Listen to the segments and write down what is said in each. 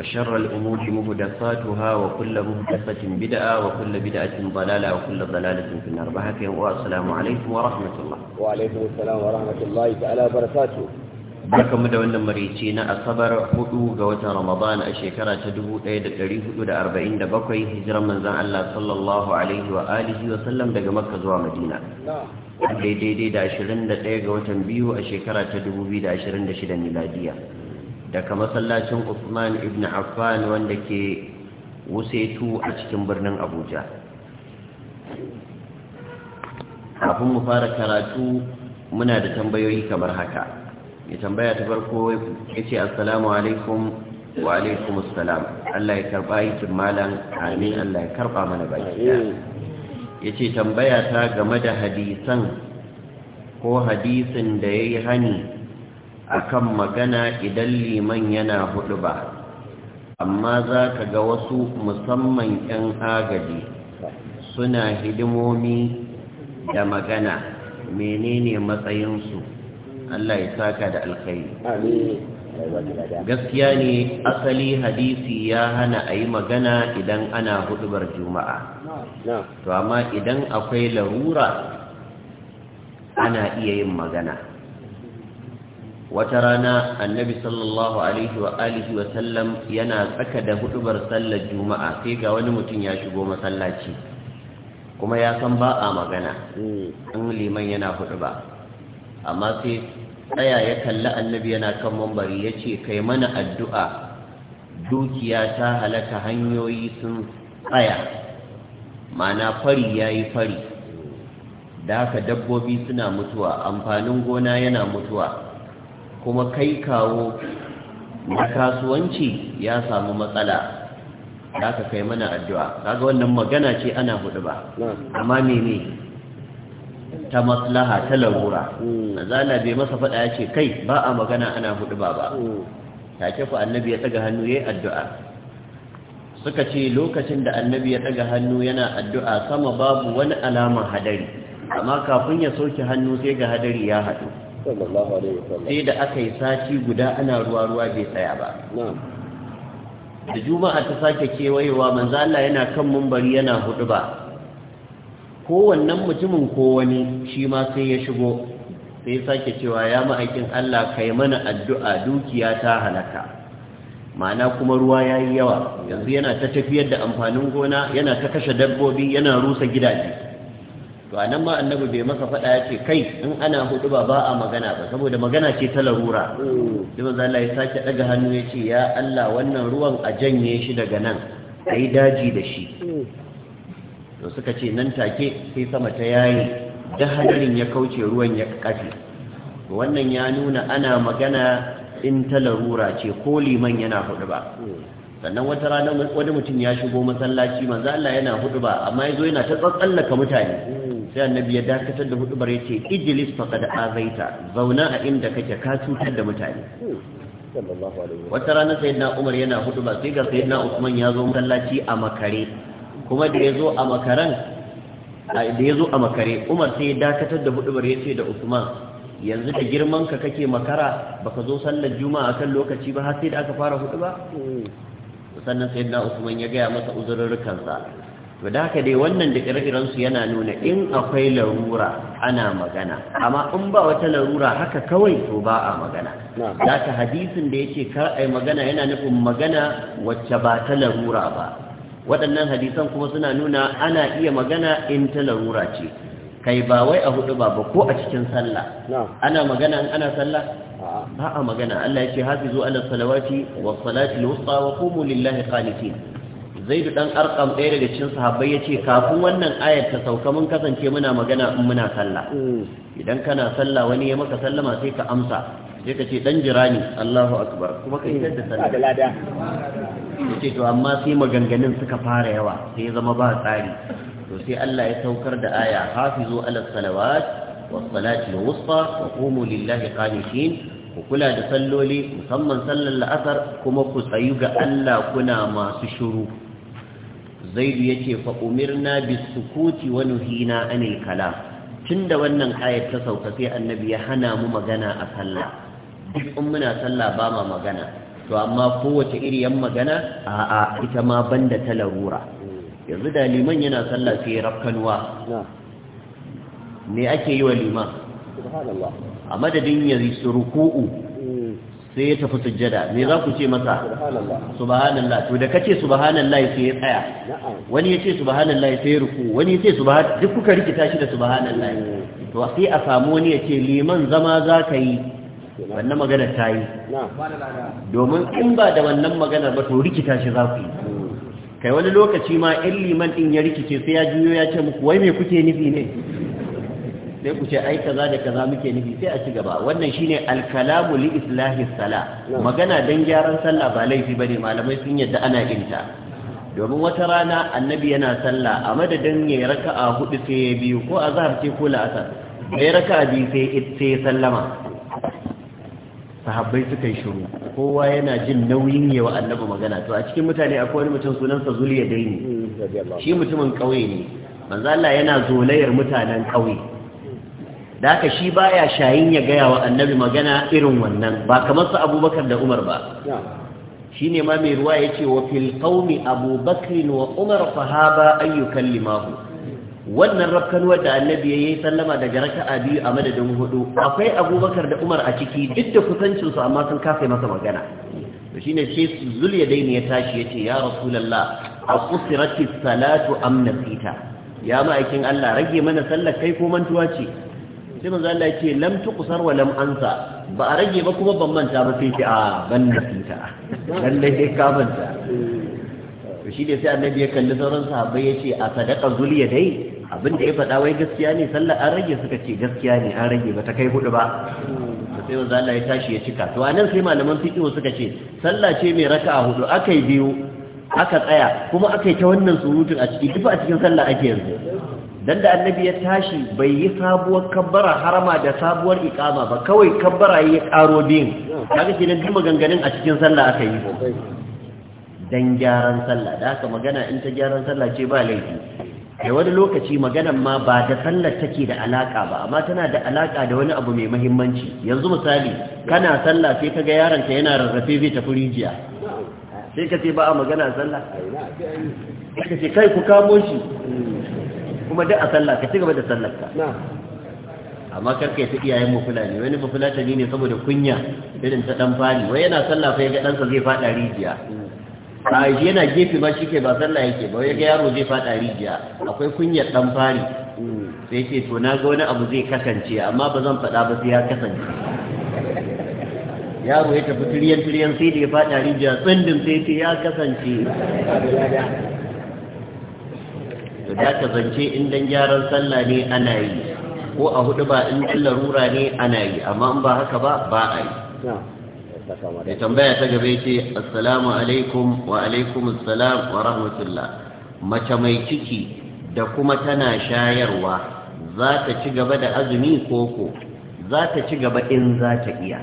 وشر الأمور مهدفاتها وكل مهدفة بدعة وكل بدعة ضلالة وكل ضلالة في النار بحكي والسلام عليكم ورحمة الله وعليكم السلام ورحمة الله تعالى وبركاته barkan mu da wannan marici na asabar 4 ga watan ramadan a shekara ta 1447 hijiran manzon Allah sallallahu alaihi wa alihi wa sallam daga makka zuwa madina daidai da 21 ga watan biyu a shekara ta 2026 miladiya daga masallacin Usman ibn Affan wanda ke wusetu a cikin birnin Abuja kafin mu fara karatu muna da tambayoyi kamar haka ya tambaya ta farko ya ce assalamu alaikum wa alaikum assalam Allah ya karba aikin malam amin Allah ya karba mana baki ya ce tambaya ta game da hadisan ko hadisin da ya yi hani akan magana idan liman yana hudu ba amma za ka ga wasu musamman 'yan agaji suna hidimomi da magana menene matsayinsu Allah ya saka da alkhairi gaskiya ne asali hadisi ya hana a yi magana idan ana hudubar juma'a to amma idan akwai larura ana iya yin magana wata rana annabi sallallahu alaihi wa alihi wa sallam yana tsaka da hudubar sallar juma'a sai ga wani mutum ya shigo masallaci kuma ya san ba a magana in liman yana hudba amma sai tsaya ya kalli annabi yana kan mambari ya ce kai mana addu'a dukiya ta halaka hanyoyi sun tsaya ma'ana fari ya yi fari da haka dabbobi suna mutuwa amfanin gona yana mutuwa kuma kai kawo na kasuwanci ya samu matsala za ka kai mana addu'a kaga wannan magana ce ana hudu ba amma ne ta maslaha ta na zana bai masa faɗa ya ce kai ba a magana ana hudu ba ba take ku annabi ya ɗaga hannu ya yi addu'a suka ce lokacin da annabi ya ɗaga hannu yana addu'a sama babu wani alama hadari amma kafin ya soke hannu sai ga hadari ya haɗu sai da aka yi sati guda ana ruwa-ruwa bai tsaya ba da juma'a ta sake kewayewa manzo yana kan mumbari yana hudu ba Kowanne mutumin ko wani shi ma sai ya shigo sai sake cewa ya ma'aikin Allah kai mana addu'a dukiya ta halaka ma'ana kuma ruwa ya yi yawa yanzu yana ta tafiyar da amfanin gona yana ta kashe dabbobi yana rusa gidaje to anan ma annabi bai masa faɗa ya ce kai in ana hudu ba ba a magana ba saboda magana ce ta larura sai manzo Allah ya sake daga hannu ya ce ya Allah wannan ruwan a janye shi daga nan ayi daji da shi to suka ce nan take sai sama ta yayi da hadarin ya kauce ruwan ya kafe wannan ya nuna ana magana in ta larura ce ko liman yana hudu ba sannan wata rana wani mutum ya shigo masallaci manzo Allah yana hudu ba amma yazo yana ta tsallaka mutane sai annabi ya dakatar da hudubar ya ce ijilis faqad azaita zauna a inda kake ka cutar da mutane wata rana sayyidina umar yana ba, sai ga sayyidina usman ya zo masallaci a makare kuma da yazo a makaran da yazo a makare umar sai ya dakatar da hudubar ya ce da usman yanzu da girman ka kake makara baka zo sallar juma'a akan lokaci ba har sai da aka fara ba? Hmm. sannan sayyidina usman ya gaya masa sa. to da haka dai wannan da ire su yana nuna in akwai larura ana magana amma in ba wata larura haka kawai to ba a magana da ka hadisin da yake kar ai magana yana nufin magana wacce ba ta larura ba waɗannan hadisan kuma suna nuna ana iya magana in ta larura ce kai ba wai a hudu ba ba ko a cikin sallah ana magana in ana sallah ba a magana Allah ya ce hafizu ala salawati was salati al-wusta wa qumu lillahi qanitin zaidu dan arqam ɗaya daga cikin sahabbai ce kafin wannan ayar ta sauka mun kasance muna magana in muna sallah hmm. idan kana sallah wani ya maka sallama sai ka amsa sai ka ce dan jira ni Allahu akbar kuma kai da sallah hmm. ce to amma sai maganganun suka fara yawa sai ya zama ba tsari to sai Allah ya saukar da aya hafizu ala salawat was salati wusta wa qumu lillahi qanitin ku kula da salloli musamman sallar la'asar kuma ku tsayu ga Allah kuna masu shuru zaidu ce fa umirna bisukuti wani hina anil kalam tunda wannan ayat ta sauka sai annabi ya hana mu magana a sallah duk in muna sallah ba ma magana to amma kowace iriyan magana a'a ita ma banda ta larura yanzu da liman yana sallah sai rafkanuwa me ake yi wa liman a madadin ya ruku'u sai ya tafi sujjada me za ku ce masa subhanallah to da kace subhanallah sai ya tsaya wani ya ce subhanallah sai ya ruku wani ya ce subhan duk kuka rikita shi da subhanallah mm. to sai a samu wani ya ce liman zama za ka yi wannan magana ta yi domin in ba da wannan maganar ba to rikita shi za ku yi mm. kai wani lokaci ma in liman din ya rikice sai ya juyo ya ce muku wai me kuke nufi ne sai ku ce ai kaza da kaza muke nufi sai a ci gaba wannan shine alkalamu li islahi sala magana dan gyaran sallah ba laifi bane malamai sun yadda ana ginta domin wata rana annabi yana sallah a madadin ya raka'a hudu sai ya biyu ko azhar ce ko la'asar ya raka'a biyu sai ya sallama sahabbai suka yi shiru kowa yana jin nauyin yi wa annabi magana to a cikin mutane akwai wani mutum sunansa zuliya ne mm, shi mutumin ƙauye ne manzo Allah yana zolayar mutanen ƙauye da haka shi baya shayin ya gaya wa annabi magana irin wannan ba kamar su abubakar da umar ba shi ne ma mai ruwa ya ce wa fil qaumi abubakar wa umar sahaba ayyukan Limahu. wannan rafkanuwar da annabi ya yi sallama daga raka'a biyu a madadin hudu akwai abubakar da umar a ciki duk da kusancinsu amma sun kafa masa magana to shine sai zuliyadaini ya tashi yace ya rasulullah aqusiratis salatu Amna nasita ya ma'aikin Allah rage mana sallar kai ko mantuwa ce sai manzo Allah yake lam tuqsar wa lam ansa ba a rage ba kuma ban manta ba sai ce a ban na fita lalle sai ka manta to shi ne sai annabi ya kalli sauran sahabbai ya ce a sadaka zuliya dai abin da ya faɗa wai gaskiya ne sallar an rage suka ce gaskiya ne an rage ba ta kai hudu ba sai manzo Allah ya tashi ya cika to anan sai malaman fiqh suka ce sallah ce mai raka'a hudu akai biyu aka tsaya kuma aka yi ta wannan surutun a ciki duk a cikin sallah ake yanzu dan da annabi ya tashi bai yi sabuwar kabbara harama da sabuwar ikama ba kawai kabbara ya karo din kaga kenan duk maganganun a cikin sallah aka yi dan gyaran sallah da aka magana in ta gyaran sallah ce ba laifi kai wani lokaci maganan ma ba da sallar take da alaka ba amma tana da alaka da wani abu mai muhimmanci yanzu misali kana sallah sai kaga yaron ka yana rarrafe zai ta furijiya sai ka ce ba a magana sallah kai ku kamo shi kuma duk a sallah ka ci gaba da sallar ka amma karka ta iyayen ne wani mafulatani ne saboda kunya irin ta dan fari wai yana sallah fa ga ɗansa zai fada rijiya mm. a yi yana gefe ba shi ke ba sallah yake ba ga yaro zai fada rijiya akwai kunyar dan fari mm. sai ce to na ga wani abu zai kasance amma ba zan faɗa ba sai ya kasance yaro ya tafi turiyan turiyan sai da ya fada rijiya tsindin sai ce ya kasance to da ka zance in dan gyaran sallah ne ana yi ko a hudu ba in dan larura ne ana yi amma in ba haka ba ba a yi da tambaya ta gaba ce assalamu alaikum wa alaikum assalam wa rahmatullah mace mai ciki da kuma tana shayarwa za ta ci gaba da azumi koko za ta ci gaba in za ta iya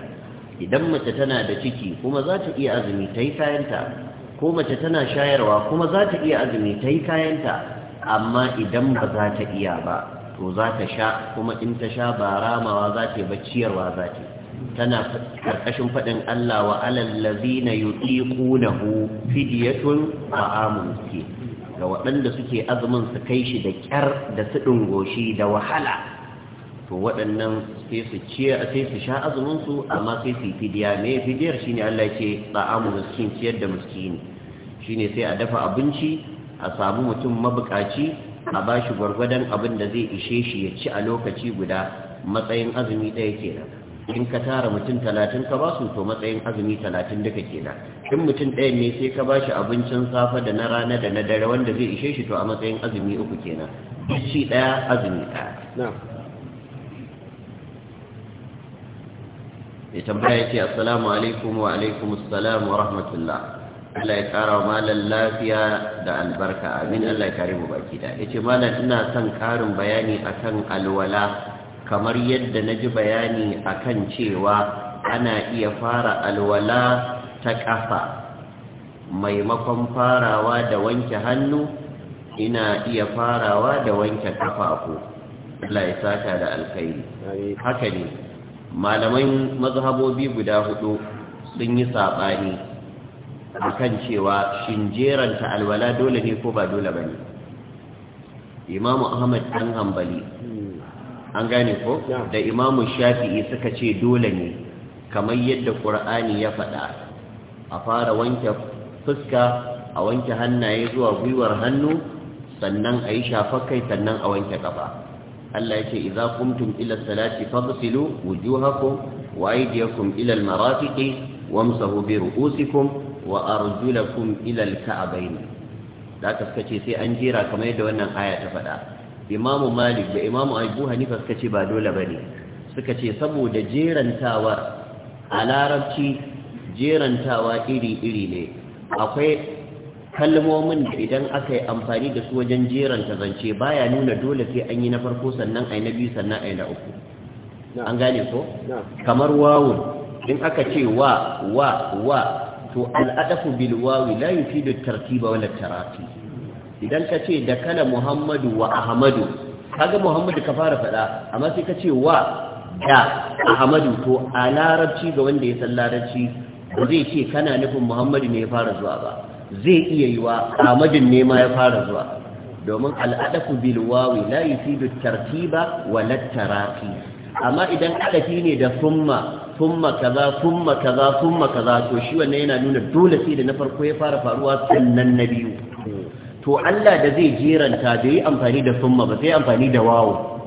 idan mace tana da ciki kuma za ta iya azumi ta yi kayanta ko mace tana shayarwa kuma za ta iya azumi ta yi kayanta amma idan ba za ta iya ba to za ta sha kuma in ta sha ba ramawa za ta ba ciyarwa za ta tana karkashin faɗin Allah wa alal ladina yutiqunahu fidyatun ta'amun ke ga waɗanda suke azumin su kai shi da kyar da su goshi da wahala to waɗannan sai su sai su sha azumin su amma sai su fidiya me fidiyar shine Allah ya ce ta'amu miskin ciyar da muskini shine sai a dafa abinci a samu mutum mabukaci a ba shi gwargwadon abin da zai ishe shi ya ci a lokaci guda matsayin azumi ɗaya kenan in ka tara mutum talatin ka ba su to matsayin azumi talatin duka kenan in mutum ɗaya ne sai ka ba shi abincin safe da na rana da na dare wanda zai ishe shi to a matsayin azumi uku kenan ci ɗaya azumi ɗaya ya tambaya ce assalamu alaikum wa alaikum assalam wa rahmatullah Allah ya ƙara malam lafiya da albarka amin Allah ya kare mu baki da ce malam ina son ƙarin bayani akan alwala kamar yadda na ji bayani akan cewa ana iya fara alwala ta ƙafa maimakon farawa da wanke hannu ina iya farawa da wanke ƙafafu Allah ya saka da alkhairi haka ne malaman mazhabobi guda hudu sun yi saɓani akan cewa shin jeranta alwala dole ne ko ba dole bane imamu ahmad dan hanbali an gane ko da imamu shafi'i suka ce dole ne kamar yadda qur'ani ya faɗa a fara wanke fuska a wanke hannaye zuwa gwiwar hannu sannan a yi shafar kai sannan a wanke kafa Allah yake idza kumtum ila salati faghsilu wujuhakum wa aydiyakum ila al-marafiqi wamsahu bi ru'usikum wa arjulakum ila al-ka'bayn da ka kace sai an jira kamar yadda wannan aya ta faɗa Imam Malik da Imam Abu Hanifa suka ce ba dole bane suka ce saboda jerantawa a larabci jerantawa iri-iri ne akwai kalmomin da idan aka yi amfani da su wajen jeranta zance baya nuna dole sai an yi na farko sannan ai na biyu sannan ai na uku an gane ko kamar wawun in aka ce wa wa wa to al'adafu bilwawi wawi la yufidu tartiba wala tarati idan ka ce da kana muhammadu wa ahmadu kaga muhammadu ka fara fada amma sai ka ce wa da ahmadu to a larabci ga wanda ya san larabci ba zai ce kana nufin muhammadu ne ya fara zuwa ba zai iya yiwa ahmadin ne ma ya fara zuwa domin al'adafu bilwawi wawi la yufidu tartiba wala tarati amma idan adafi ne da summa thumma kaza thumma kaza thumma kaza to shi wannan yana nuna dole sai da na farko ya fara faruwa sannan na biyu to Allah da zai jeranta da yi amfani da thumma ba sai amfani da wawo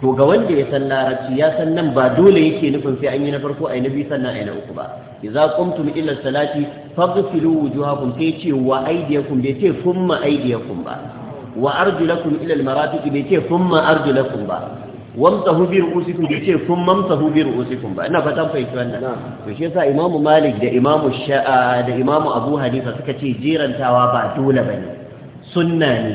to ga wanda ya san larabci ya san nan ba dole yake nufin sai an yi na farko ai na biyu sannan ai na uku ba idza qumtum ila salati faghsilu wujuhakum sai ce wa aydiyakum bai ce thumma aydiyakum ba wa arjulakum ila almarafiq bai ce thumma arjulakum ba wamsahu bi ru'usikum bai ce kun mamsahu bi ru'usikum ba ina fatan fahimci wannan to shi yasa Imam Malik da Imam Sha'a da Imam Abu Hanifa suka ce jirantawa ba dole bane sunna ne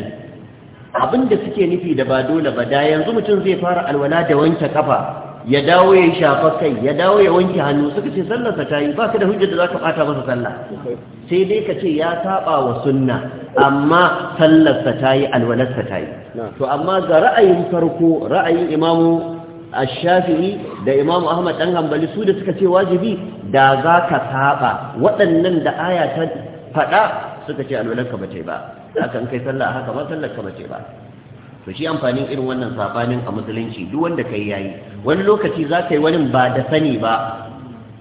abinda suke nufi da ba dole ba da yanzu mutum zai fara alwala da wanke kafa ya dawo ya shafa kai ya dawo ya wanke hannu suka ce sallarsa ta yi ba ka da hujjar da za ka ɓata masa sallah sai dai ka ce ya saba wa sunna amma sallarsa ta yi alwalarsa ta yi to amma ga ra'ayin farko ra'ayin imamu ash da imamu ahmad dan hanbali su da suka ce wajibi da za ka saba waɗannan da aya ta faɗa suka ce alwalarka ba ce ba akan kai sallah haka ma sallarka ba ce ba to shi amfanin irin wannan sabanin a musulunci duk wanda kai yayi wani lokaci za ka yi wani ba da sani ba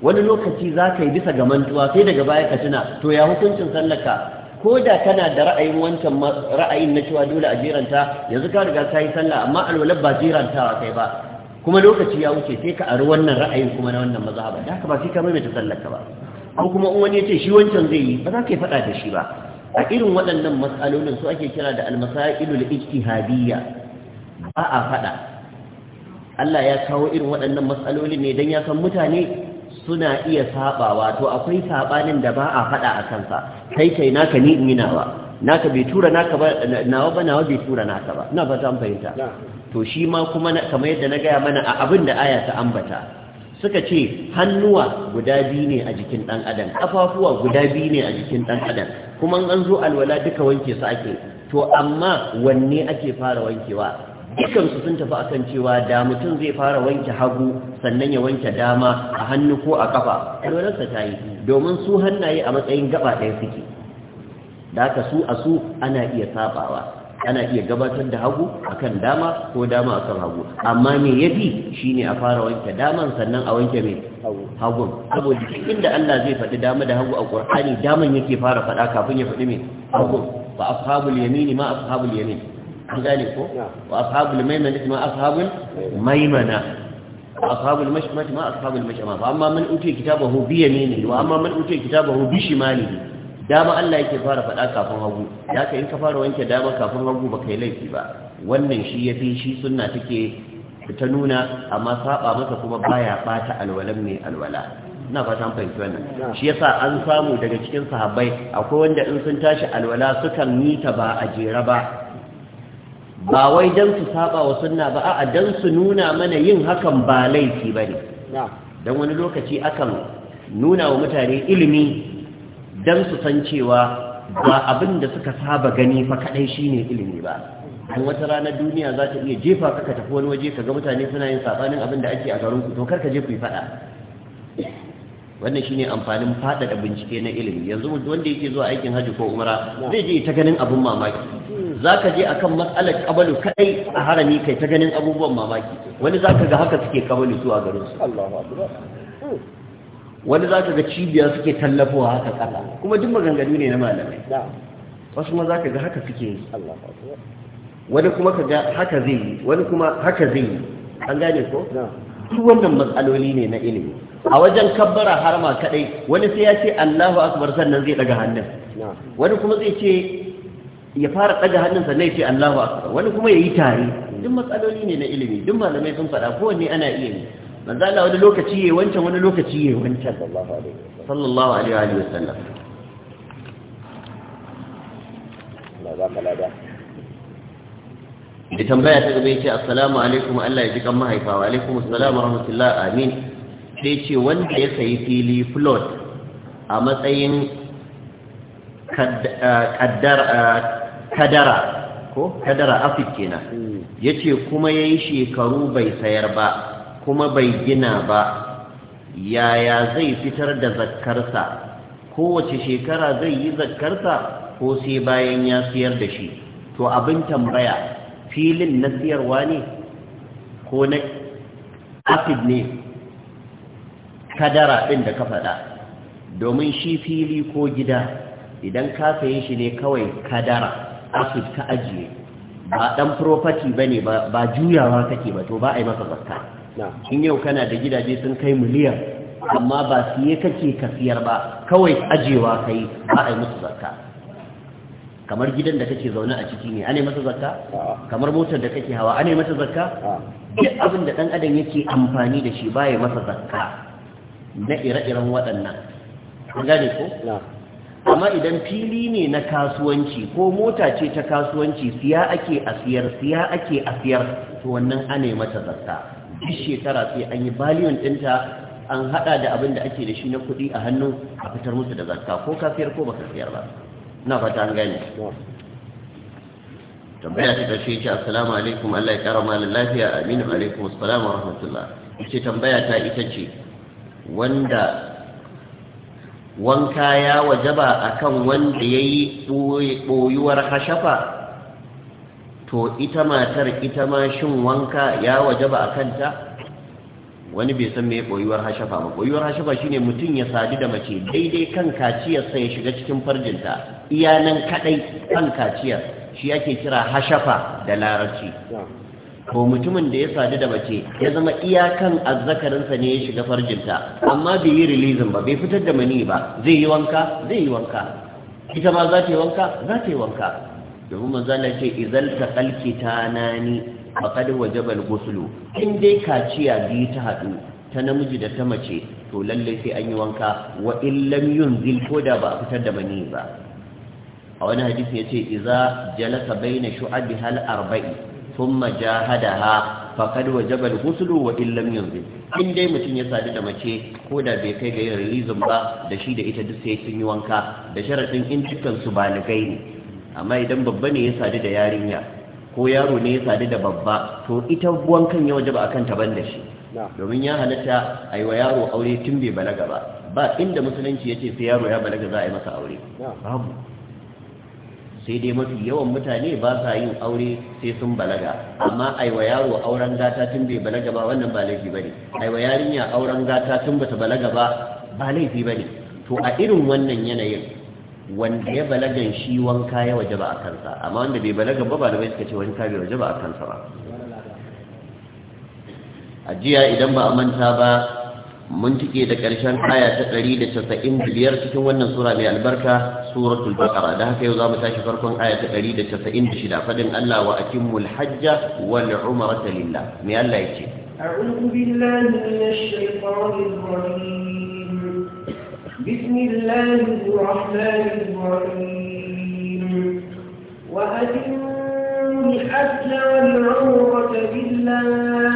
wani lokaci za ka yi bisa ga mantuwa sai daga baya ka tuna to ya hukuncin sallaka ko da kana da ra'ayin wancan ra'ayin na cewa dole a jiranta yanzu ka riga ka yi sallah amma alwala ba jirantawa kai ba kuma lokaci ya wuce sai ka ari wannan ra'ayin kuma na wannan mazhaba da haka ba sai ka maimaita sallar ba ko kuma in wani ya ce shi wancan zai yi ba za ka yi faɗa da shi ba a irin waɗannan matsalolin su ake kira da almasailul ijtihadiyya ba a faɗa Allah ya kawo irin waɗannan matsaloli ne don ya san mutane suna iya sabawa to akwai sabanin da ba a faɗa a kansa kai kai naka ni nawa naka bai tura naka ba nawa ba nawa bai tura naka ba ina fata an fahimta to shi ma kuma kamar yadda na gaya mana a abin da aya ta ambata suka ce hannuwa guda biyu ne a jikin ɗan adam kafafuwa guda biyu ne a jikin ɗan adam kuma an zo alwala duka wanke su ake to amma wanne ake fara wankewa dukansu sun tafi akan cewa da mutum zai fara wanke hagu sannan ya wanke dama a hannu ko a kafa alwalarsa ta yi domin su hannaye a matsayin gaba ɗaya suke da haka su a su ana iya sabawa ana iya gabatar da hagu akan dama ko dama akan hagu amma me yafi shine a fara wanke daman sannan a wanke me hagu saboda duk inda Allah zai faɗi dama da hagu a Qur'ani daman yake fara faɗa kafin ya faɗi me hagu fa ashabul yamini ma ashabul yamin an gane ko wa ashabul maimana ma ashabul maimana ma أصحاب المشأمة ما أصحاب المشأمة فأما من أوتي كتابه بيمينه وأما من أوتي كتابه بشماله dama Allah yake fara faɗa kafin hagu Ya ka in ka fara wanke dama kafin hagu ba yi laifi ba wannan shi ya fi shi sunna take ta nuna amma saba masa kuma baya bata alwalan mai alwala ina fata an fahimci wannan shi yasa an samu daga cikin sahabbai akwai wanda in sun tashi alwala sukan yi ba a jera ba ba wai dan su saba wa sunna ba a'a dan su nuna mana yin hakan ba laifi bane dan wani lokaci akan nuna wa mutane ilimi don su san cewa ba abin da suka saba gani fa kaɗai shine ilimi ba don wata ranar duniya za ta iya jefa ka tafi wani waje ka ga mutane suna yin sabanin abin da ake a garin ku to kar ka je ku yi faɗa wannan shine amfanin faɗaɗa bincike na ilimi yanzu wanda yake zuwa aikin hajji ko umara zai je ta ganin abin mamaki za je akan matsalar kabalu kadai a harami kai ta ganin abubuwan mamaki wani zaka ga haka suke kabalu zuwa a garin su wani za ka ga cibiya suke tallafowa haka kasa kuma duk maganganu ne na malamai wasu ma za ka ga haka suke yi wani kuma ka ga haka zai yi wani kuma haka zai yi an gane ko duk wannan matsaloli ne na ilimi a wajen kabbara harma kadai wani sai ya ce Allahu akbar sannan zai daga hannun wani kuma zai ce ya fara daga hannun sannan ya ce Allahu akbar wani kuma ya yi tare duk matsaloli ne na ilimi duk malamai sun faɗa kowanne ana iya yi manzo Allah wani lokaci yayi wancan wani lokaci yayi wancan sallallahu alaihi wa sallam da tambaya ta gaba yace assalamu alaikum Allah ya ji kan mahaifa wa alaikum assalam wa rahmatullah amin sai ce wanda ya sayi fili float a matsayin kadara ko kadara afik kenan hmm. yace kuma yayi shekaru bai sayar ba kuma bai gina ba yaya zai fitar da zakkarsa kowace shekara zai yi zakkarsa ko sai bayan ya siyar da shi to abin tambaya filin na siyarwa ne ko na afid ne kadara ɗin da ka faɗa domin shi fili ko gida idan ka saye shi ne kawai kadara afid ka ajiye ba ɗan furofati ba ne ba juyawa kake ba to ba a yi maka zakkarsa in yau kana da gidaje sun kai miliyan amma ba yi kake ka ba kawai ajewa kai ba a yi musu zakka kamar gidan da kake zaune a ciki ne ana masa zakka kamar motar da kake hawa ana masa zakka duk abin da ɗan adam yake amfani da shi ba ya masa zakka na ire-iren waɗannan an gane ko amma idan fili ne na kasuwanci ko mota ce ta kasuwanci siya ake a siyar siya ake a siyar to wannan ana mata zakka duk shekara sai an yi baliyon ɗinta an haɗa da abin da ake da shi na kuɗi a hannu a fitar musu da zakka ko kafiyar ko baka siyar ba na fata an gane tambaya ta ƙarshe ce assalamu alaikum Allah ya ƙara malin lafiya aminu alaikum assalamu wa rahmatullah ce tambaya ta ita ce wanda wanka ya wajaba akan wanda ya yi hashafa to ita matar ita ma shin wanka ya wajaba a kanta wani bai san me koyuwar hashafa ba koyuwar hashafa shine mutum ya sadu da mace daidai kan kaciyar sai ya shiga cikin farjinta iyanan kadai kan kaciyar shi yake kira hashafa da larabci ko mutumin da ya sadu da mace ya zama iyakan azzakarinsa ne ya shiga farjinta amma bai yi rilizin ba bai fitar da mani ba zai yi wanka zai yi wanka ita ma za ta yi wanka za ta yi wanka domin manzala ce izal ta kalkita na ni a kadin wajabal gusulu in dai kaciya biyu ta haɗu ta namiji da ta mace to lallai sai an yi wanka wa illam yun zil ko da ba a fitar da mani ba a wani hadisi ya ce iza jalasa bai na shu'abi hal arba'i sun majahada ha fakad wajabal gusulu wa illam yun in dai mutum ya sadu da mace ko da bai kai ga yin rilizin ba da shi da ita duk sai sun yi wanka da sharaɗin in dukkan su baligai ne amma idan babba ne ya sadu da yarinya ko yaro ne ya sadu da babba to ita wankan ya waje ba akan taban da shi domin ya halatta a yi wa yaro aure tun bai balaga ba ba inda musulunci ya ce sai yaro ya balaga za a yi masa aure babu sai dai mafi yawan mutane ba sa yin aure sai sun balaga amma wa yaro auren gata tun bai balaga ba wannan ba laifi bane aiwa yarinya auren gata tun bata balaga ba ba laifi bane to a irin wannan yanayin wanda ya balagan shi wanka ya waje ba a kansa amma wanda bai balagan ba malamai suka ce wanka bai waje ba a kansa ba a jiya idan ba a manta ba mun tike da ƙarshen aya ta 195 cikin wannan sura mai albarka suratul baqara da haka yau zamu tashi farkon aya ta 196 fadin Allah wa atimul hajja wal umrata lillah me Allah yake a'udhu billahi minash shaitanir rajim بسم الله الرحمن الرحيم وأتم الحج والعمرة بالله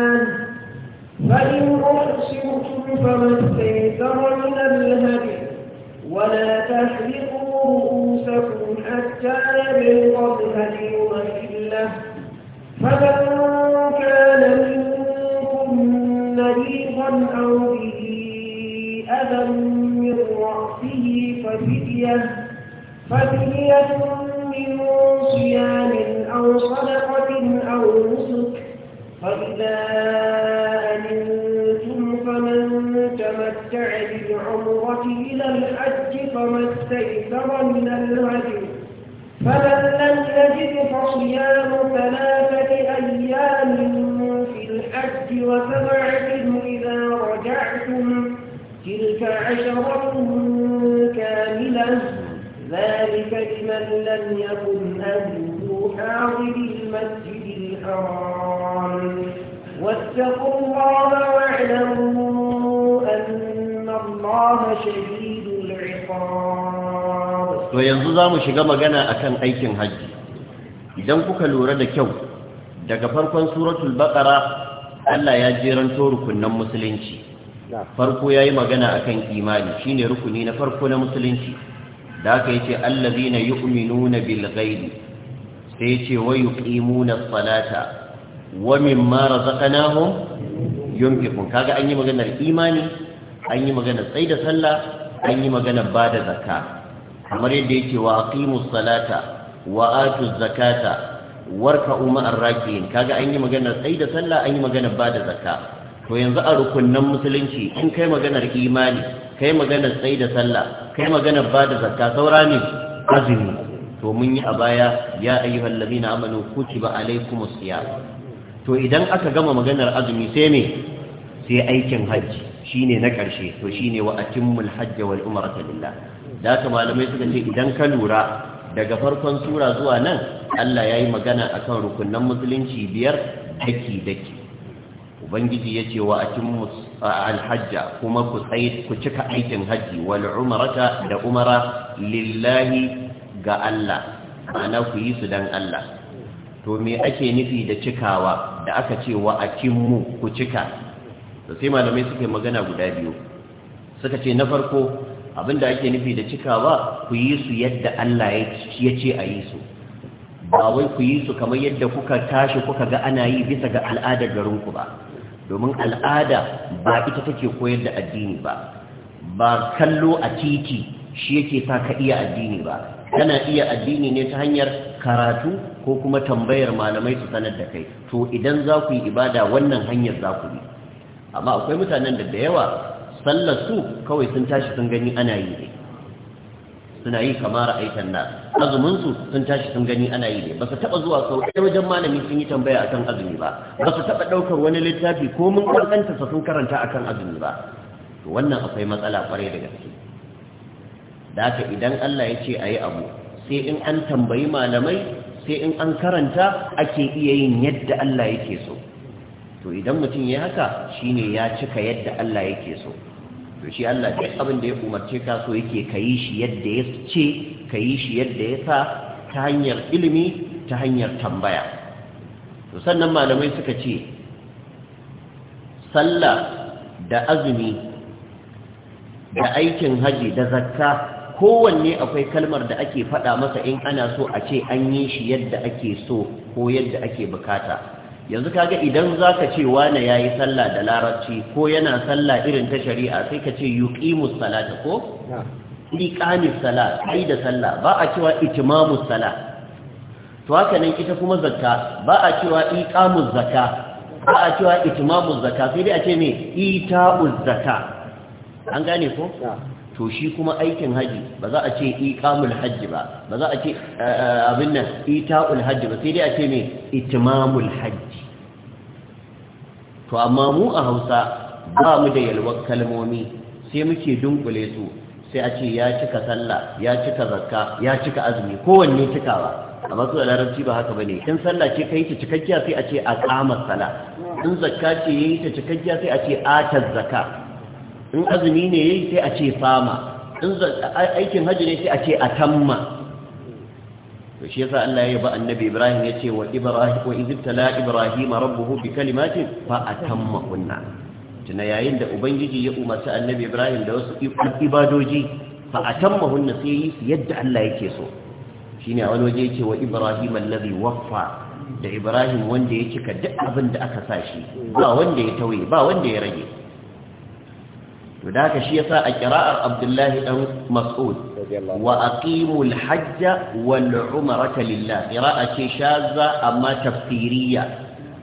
فإن أحسنتم فما استيسر من الهدي ولا تحرقوا رؤوسكم حتى يبلغ الهدي محله فمن كان منكم مريضا أو به أذى فدية فدية من صيام أو صدقة أو نسك فإذا أمنتم فمن تمتع بالعمرة إلى الحج فما استيسر من الهدي فمن لم يجد فصيام ثلاثة أيام في الحج وسبعة إذا رجعتم تلك عشرة ذلك لمن لم يكن أهله حاضر المسجد الحرام واتقوا الله واعلموا أن الله شديد العقاب وينزو زامو شغم غنا أكن أيكن حج إذن كوكا لورا دا كيو daga farkon suratul baqara Allah ya jeranto rukunin musulunci farko yayi magana akan imani shine rukuni na farko na musulunci da aka yi ce, yace allazina yu'minuna bil ghaibi sai yace wa yuqimuna as-salata wa mimma razaqnahum yunfiqun kaga an yi maganar imani an yi maganar tsaida sallah an yi maganar ba da zakka kamar yadda yake wa aqimus salata wa atuz zakata warka umar rakiin kaga an yi maganar tsaida sallah an yi maganar ba da zakka to yanzu a rukunnan musulunci in kai maganar imani kai magana tsayi da sallah kai magana ba da zakka saura ne azumi to mun yi a baya ya ayyuhal ladina amanu kutiba alaykumus siyam to idan aka gama maganar azumi sai ne sai aikin hajji shine na karshe to shine wa atimmul hajj wal umrata lillah da haka malamai suka ce idan ka lura daga farkon sura zuwa nan Allah ya yi magana akan rukunan musulunci biyar daki daki ubangiji yace wa atimmu alhajja kuma ku cika aikin hajji, wal umrata da umara lillahi ga Allah ana ku yi su dan Allah to me ake nufi da cikawa da aka ce wa atimmu ku cika to sai malamai suke magana guda biyu suka ce na farko abinda ake nufi da cikawa ku yi su yadda Allah ya ce a yi su ba wai ku yi su kamar yadda kuka tashi kuka ga ana yi bisa ga al'adar garinku ba domin al'ada ba ita take koyar da addini ba ba kallo a titi shi yake sa ka iya addini ba kana iya addini ne ta hanyar karatu ko kuma tambayar malamai su sanar da kai to idan za ku yi ibada wannan hanyar za ku yi, amma akwai mutanen da da yawa sallar su kawai sun tashi sun gani ana yi ne suna yi kamar ra'aitan nas azumin sun tashi sun gani ana yi ne ba su taɓa zuwa sau ɗaya wajen malami sun yi tambaya akan azumi ba ba su taɓa ɗaukar wani littafi ko mun karkanta sa sun karanta akan azumi ba to wannan akwai matsala kwarai da gaske da haka idan Allah ya ce a yi abu sai in an tambayi malamai sai in an karanta ake iya yin yadda Allah yake so to idan mutum ya haka shine ya cika yadda Allah yake so to shi Allah duk abin da ya umarce ka so yake ka yi shi yadda ya ce ka shi yadda ya sa ta hanyar ilimi ta hanyar tambaya to sannan malamai suka ce sallah da azumi da aikin haji da zakka kowanne akwai kalmar da ake faɗa masa in ana so a ce an yi shi yadda ake so ko yadda ake bukata yanzu kaga idan za ka ce ya yi sallah da larabci ko yana sallah irin ta shari'a sai ka ce ƙimus salata ko ƙamis salat ai da sallah ba a cewa itimamus salat to haka nan ita kuma zakka ba a cewa ƙamus zakka ba a cewa itimamus zakka sai dai a ce ne ita'uz zakka an gane ko to shi kuma aikin haji ba za a ce iqamul hajji ba ba za a ce eh, eh, abin nan ita'ul hajji ba sai dai a ce ne itimamul haji to amma mu a hausa ba mu da yalwar kalmomi sai muke dunkule su sai a ce ya cika sallah ya cika zakka ya cika azumi kowanne cikawa amma su da larabci ba haka bane in sallah ce kai ta cikakkiya sai a ce a aqama sala in zakka ce yayi ta cikakkiya sai a ce ta zakka in azumi ne yayi sai a ce fama in aikin hajji ne sai a ce a tamma. to shi yasa Allah ya ba annabi Ibrahim ya ce wa Ibrahim wa izibtala Ibrahim rabbuhu bi kalimatin fa atamma kunna tuna yayin da ubangiji ya umarci annabi Ibrahim da wasu ibadoji fa atamma hunna sai yadda Allah yake so shine a wani waje yake wa Ibrahim allazi waffa da Ibrahim wanda ya cika duk abin da aka sa shi ba wanda ya tauye ba wanda ya rage to da haka shi yasa a kira'ar abdullahi dan mas'ud wa aqimul hajja wal umrata lillah qira'a ce shazza amma tafsiriya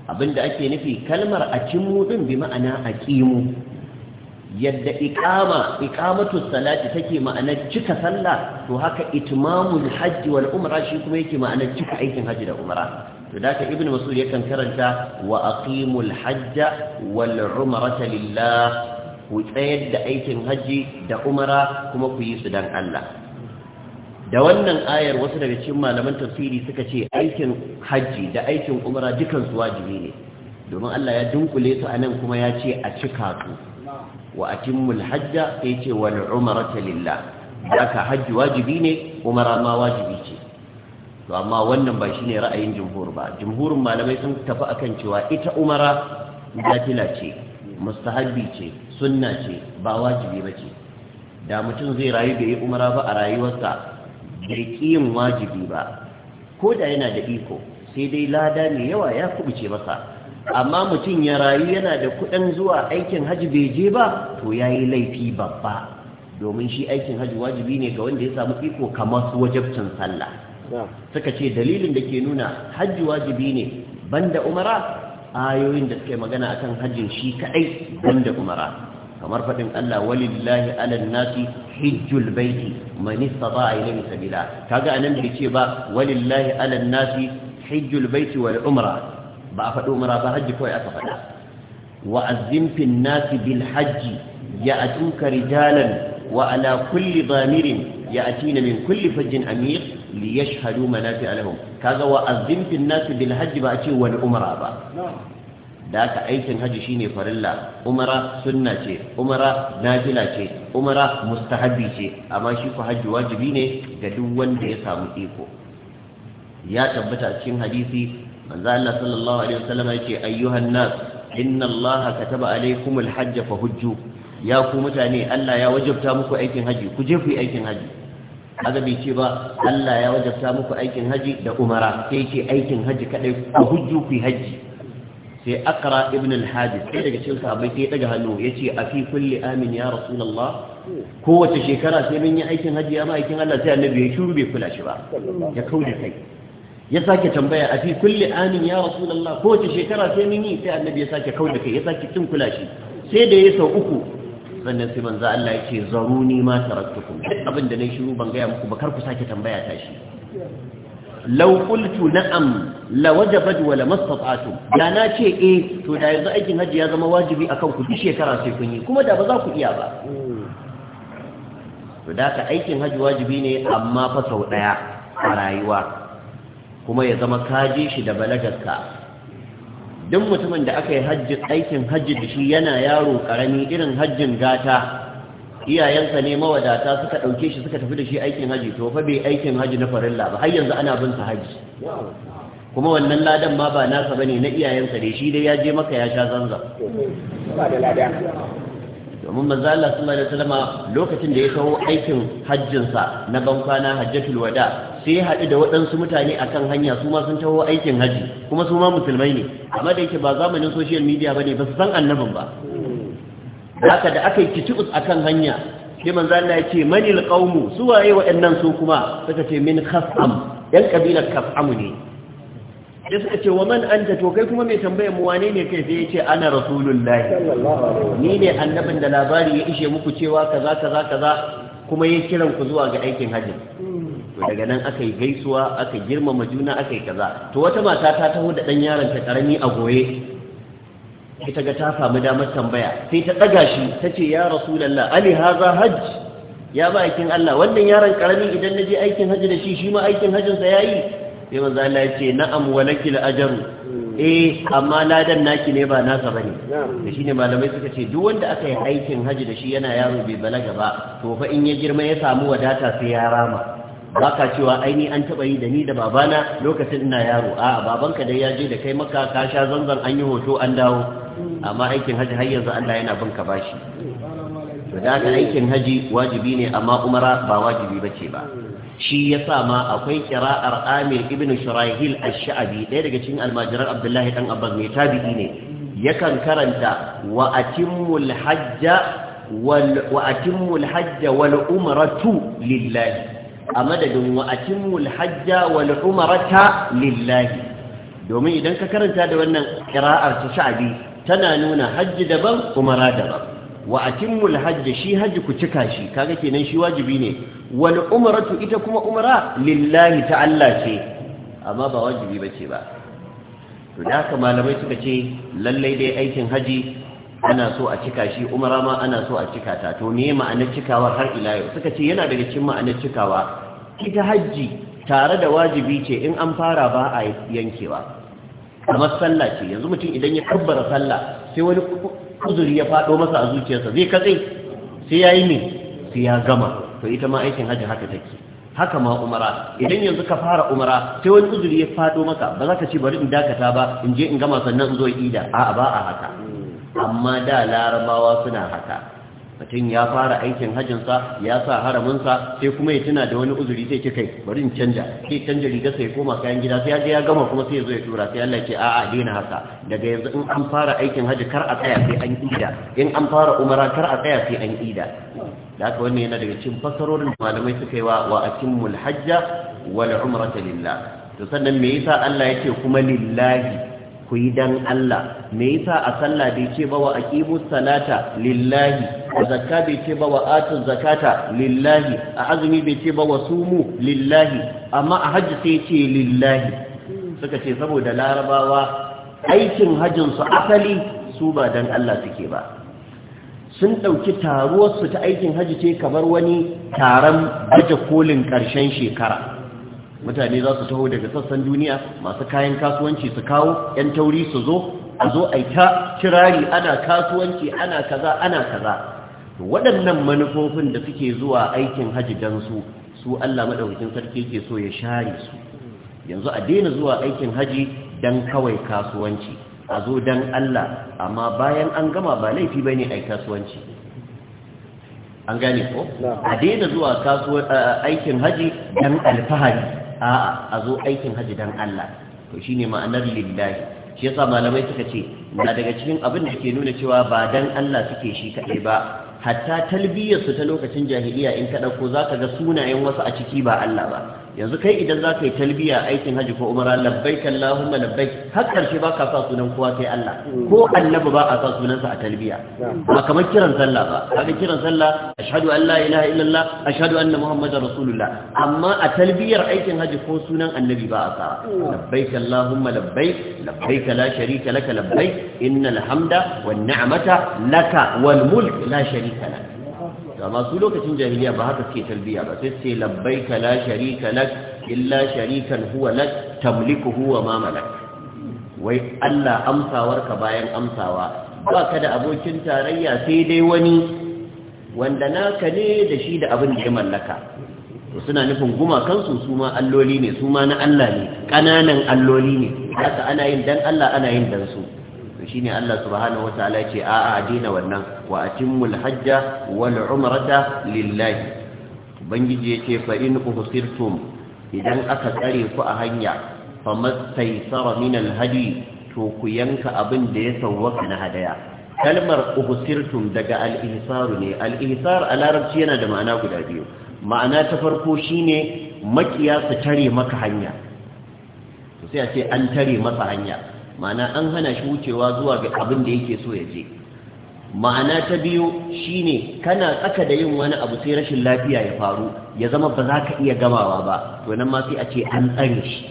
abinda ake nufi kalmar aqimu din bi ma'ana aqimu yadda iqama iqamatu salati take ma'anar cika sallah to haka itmamu hajji wal umra shi kuma yake ma'anar cika aikin hajji da umra to da haka ibnu mas'ud yakan karanta wa aqimul hajja wal umrata lillah ku tsayar da aikin hajji da umara kuma ku yi su dan Allah da wannan ayar wasu daga cikin malaman tafsiri suka ce aikin hajji da aikin umara dukansu wajibi ne domin Allah ya dunkule su anan kuma ya ce a cika su wa atimmul hajja sai ce wal umrata lillah haka hajji wajibi ne umara ma wajibi ce to amma wannan ba shine ra'ayin jumhur ba jumhurin malamai sun tafi akan cewa ita umara zatila ce mustahabbi ce sunna ce ba wajibi ba ce da mutum zai rayu da yi umara ba a rayuwarsa bai yin wajibi ba ko da yana da iko sai dai lada mai yawa ya kubuce masa amma mutum ya rayu yana da kuɗin zuwa aikin hajji bai je ba to ya yi laifi babba domin shi aikin hajji wajibi ne ga wanda ya samu iko kamar su wajabcin sallah suka ce dalilin da ke nuna hajji wajibi ne banda umara ayoyin da suke magana akan hajjin shi kaɗai banda umara kamar faɗin Allah walillahi ala nasi hijjul baiti man istata ilayhi sabila kaga anan da ce ba walillahi ala nasi hijjul baiti wal umra ba a faɗi umra ba hajji kawai aka faɗa wa azim fin nasi bil hajji ya'tuka rijalan wa ala kulli dhamirin ya'tina min kulli fajjin amir liyashhadu manafi'a lahum kaga wa azim fin nasi bil hajji ba a ce wal umra ba da aka aikin haji shine farilla umara sunna ce umara najila ce umara mustahabi ce amma shi ku haji wajibi ne ga duk wanda ya samu iko ya tabbata cikin hadisi manzo Allah sallallahu alaihi wasallam yace ayyuhan nas inna Allah kataba alaykumul hajj fa hujju ya ku mutane Allah ya wajabta muku aikin haji ku je ku yi aikin haji kaga bai ce ba Allah ya wajabta muku aikin haji da umara sai ce aikin haji kadai ku hujju ku yi haji sai akara ibn al-hadis sai daga cikin sahabbai sai ya daga hannu yace a fi kulli amin ya rasulullah kowace shekara sai mun yi aikin hajji ya aikin Allah sai annabi ya shuru bai kula shi ba ya kauda kai ya sake tambaya a fi kulli amin ya rasulullah kowace shekara sai mun yi sai annabi ya sake kauda kai ya sake kin kula shi sai da ya sau uku sannan sai manzo Allah yace zaruni ma taraktukum abinda da nayi shiru ban ga muku ba kar ku sake tambaya ta shi law qultu na'am la wajabat wa la da na ce eh to da yanzu aikin hajji ya zama wajibi akan ku duk shekara sai kun yi kuma da ba za ku iya ba to da ka aikin hajji wajibi ne amma fa sau daya a rayuwa kuma ya zama kaje shi da balagarka duk mutumin da aka yi hajji aikin hajji da shi yana yaro karami irin hajjin gata iyayensa ne mawadata suka ɗauke shi suka tafi da shi aikin haji to fa bai aikin haji na farilla ba har yanzu ana bin sa haji kuma wannan ladan ma ba nasa bane na iyayensa ne shi dai ya je maka ya sha zanza domin manzo Allah sallallahu alaihi wasallam lokacin da ya kawo aikin hajjin sa na bankwana hajjatul wada sai ya haɗu da waɗansu mutane a kan hanya su ma sun taho aikin haji kuma su ma musulmai ne amma da yake ba zamanin social media ne, ba su san annabin ba da da aka yi a akan hanya shi manzo Allah ya ce manil qaumu su waye waɗannan su kuma suka ce min khasam yan kabilar khasam ne sai suka ce wa man anta to kai kuma mai tambayar mu wane ne kai sai ya ce ana rasulullahi ni ne annabin da labari ya ishe muku cewa kaza kaza kaza kuma ya kiran ku zuwa ga aikin hajji to daga nan aka yi gaisuwa aka girmama juna aka yi kaza to wata mata ta taho da ɗan yaron ta karami a goye ita ga ta samu damar tambaya sai ta ɗaga shi ta ce ya rasulallah ali haza hajj ya ba aikin Allah wannan yaron karami idan na je aikin hajji da shi shi ma aikin hajjinsa ya yi sai manzo Allah ya ce na'am walaki al-ajru eh amma ladan naki ne ba nasa bane da shine malamai suka ce duk wanda aka yi aikin hajji da shi yana yaro bai balaga ba to fa in ya girma ya samu wadata sai ya rama baka cewa aini an taba yi da ni da babana lokacin ina yaro a'a babanka dai ya je da kai maka ka sha zanzan an yi hoto an dawo amma aikin haji har yanzu Allah yana bin ka bashi to da haka aikin haji wajibi ne amma umara ba wajibi bace ba shi yasa ma akwai kira'ar Amir ibn Shurahil ash-Sha'bi ɗaya daga cikin almajiran Abdullahi dan Abbas mai tabi'i ne yakan karanta wa atimmul hajja wal wa atimmul hajja wal umratu lillahi a madadin wa atimul hajja wal umrata lillahi domin idan ka karanta da wannan qira'ar ta sha'abi tana nuna hajji daban umara daban wa atimul hajji shi hajji ku cika shi kaga kenan shi wajibi ne wal umratu ita kuma umara lillahi ta'ala ce amma ba wajibi bace ba to da haka malamai suka ce lallai dai aikin haji ana so a cika shi umara ma ana so a cika ta to me ma'anar cikawa har ila yau suka ce yana daga cikin ma'anar cikawa ita hajji tare da wajibi ce in an fara ba a yankewa kamar sallah ce yanzu mutum idan ya kabbara sallah sai wani uzuri ya faɗo masa a zuciyarsa zai katse sai ya yi ne sai ya gama to ita ma aikin hajji haka take haka ma umara idan yanzu ka fara umara sai wani uzuri ya fado maka ba za ka ce bari in dakata ba in je in gama sannan in zo ida a'a ba a haka amma da larabawa suna haka mutum ya fara aikin hajjinsa ya sa haraminsa sai kuma ya tuna da wani uzuri sai kai bari in canja sai canja riga sai koma kayan gida sai ya gama kuma sai ya zo ya tura sai Allah ce a'a daina haka daga yanzu in an fara aikin hajji kar a tsaya sai an ida in an fara umara kar a tsaya sai an ida da haka wannan yana daga cikin fasarorin malamai suka yi wa wa atimul hajja wal umrata lillah to sannan me yasa Allah yake kuma lillahi ku yi dan Allah me yasa a sallah bai ce ba wa aqimu salata lillahi a zakka bai ce ba wa atu zakata lillahi a azumi bai ce ba wa sumu lillahi amma a hajji sai ce lillahi suka ce saboda larabawa aikin hajjin su asali su ba dan Allah suke ba sun dauki taruwar su ta aikin haji ce kamar wani taron baje kolin karshen shekara mutane za su taho daga sassan duniya masu kayan kasuwanci su kawo 'yan tauri su zo a zo a ta kirari ana kasuwanci ana kaza ana kaza waɗannan manufofin da suke zuwa aikin hajji don su su Allah maɗaukacin sarki ke so ya share su yanzu a daina zuwa aikin haji don kawai kasuwanci a zo don Allah amma bayan an gama ba laifi ba ne a kasuwanci an gane ko? a daina zuwa aikin haji don alfahari a a zo aikin haji don Allah to shi ne ma'anar lillahi shi yasa malamai suka ce na daga cikin abin da ke nuna cewa ba dan Allah suke shi kaɗai ba hatta talbiyyarsu ta lokacin jahiliya in ka ɗauko za ka ga sunayen wasu a ciki ba Allah ba yanzu kai idan za ka yi talbiya aikin hajji ko umara labbai Allahumma labbaik har karshe ba ka sa sunan kowa sai Allah ko annabi ba a sa sunansa a talbiya ba kamar kiran sallah ba kaga kiran sallah ashhadu an la ilaha illallah ashhadu anna muhammadar rasulullah amma a talbiyar aikin hajji ko sunan annabi ba a sa kallahu Allahumma labbai labbaik la sharika laka labbaik innal hamda wan ni'mata laka wal mulk la sharika amma su lokacin jahiliya ba haka suke talbiya ba sai labbai ka la sharika lak illa sharikan huwa lak tamliku huwa ma malak wai Allah amsawarka bayan amsawa ba ka da abokin tarayya sai dai wani wanda naka ne da shi da abin da ya mallaka to suna nufin gumakansu su ma alloli ne su ma na Allah ne ƙananan alloli ne haka ana yin dan Allah ana yin dan su shine Allah subhanahu wataala ce a a dina wannan wa atimmul hajja wal umrata lillahi ubangiji yace fa in uhsirtum idan aka tsare ku a hanya famastaysara min al hadi to ku yanka abin da ya sawwaka na hadaya kalmar uhsirtum daga al ne al ihsar a larabci yana da ma'ana guda biyu ma'ana ta farko shine makiya su tare maka hanya to sai a ce an tare masa hanya ma'ana an hana shi wucewa zuwa ga abin da yake so ya je ma'ana ta biyu shine kana tsaka da yin wani abu sai rashin lafiya ya faru ya zama ba za ka iya gamawa ba to nan ma sai a ce an tsare shi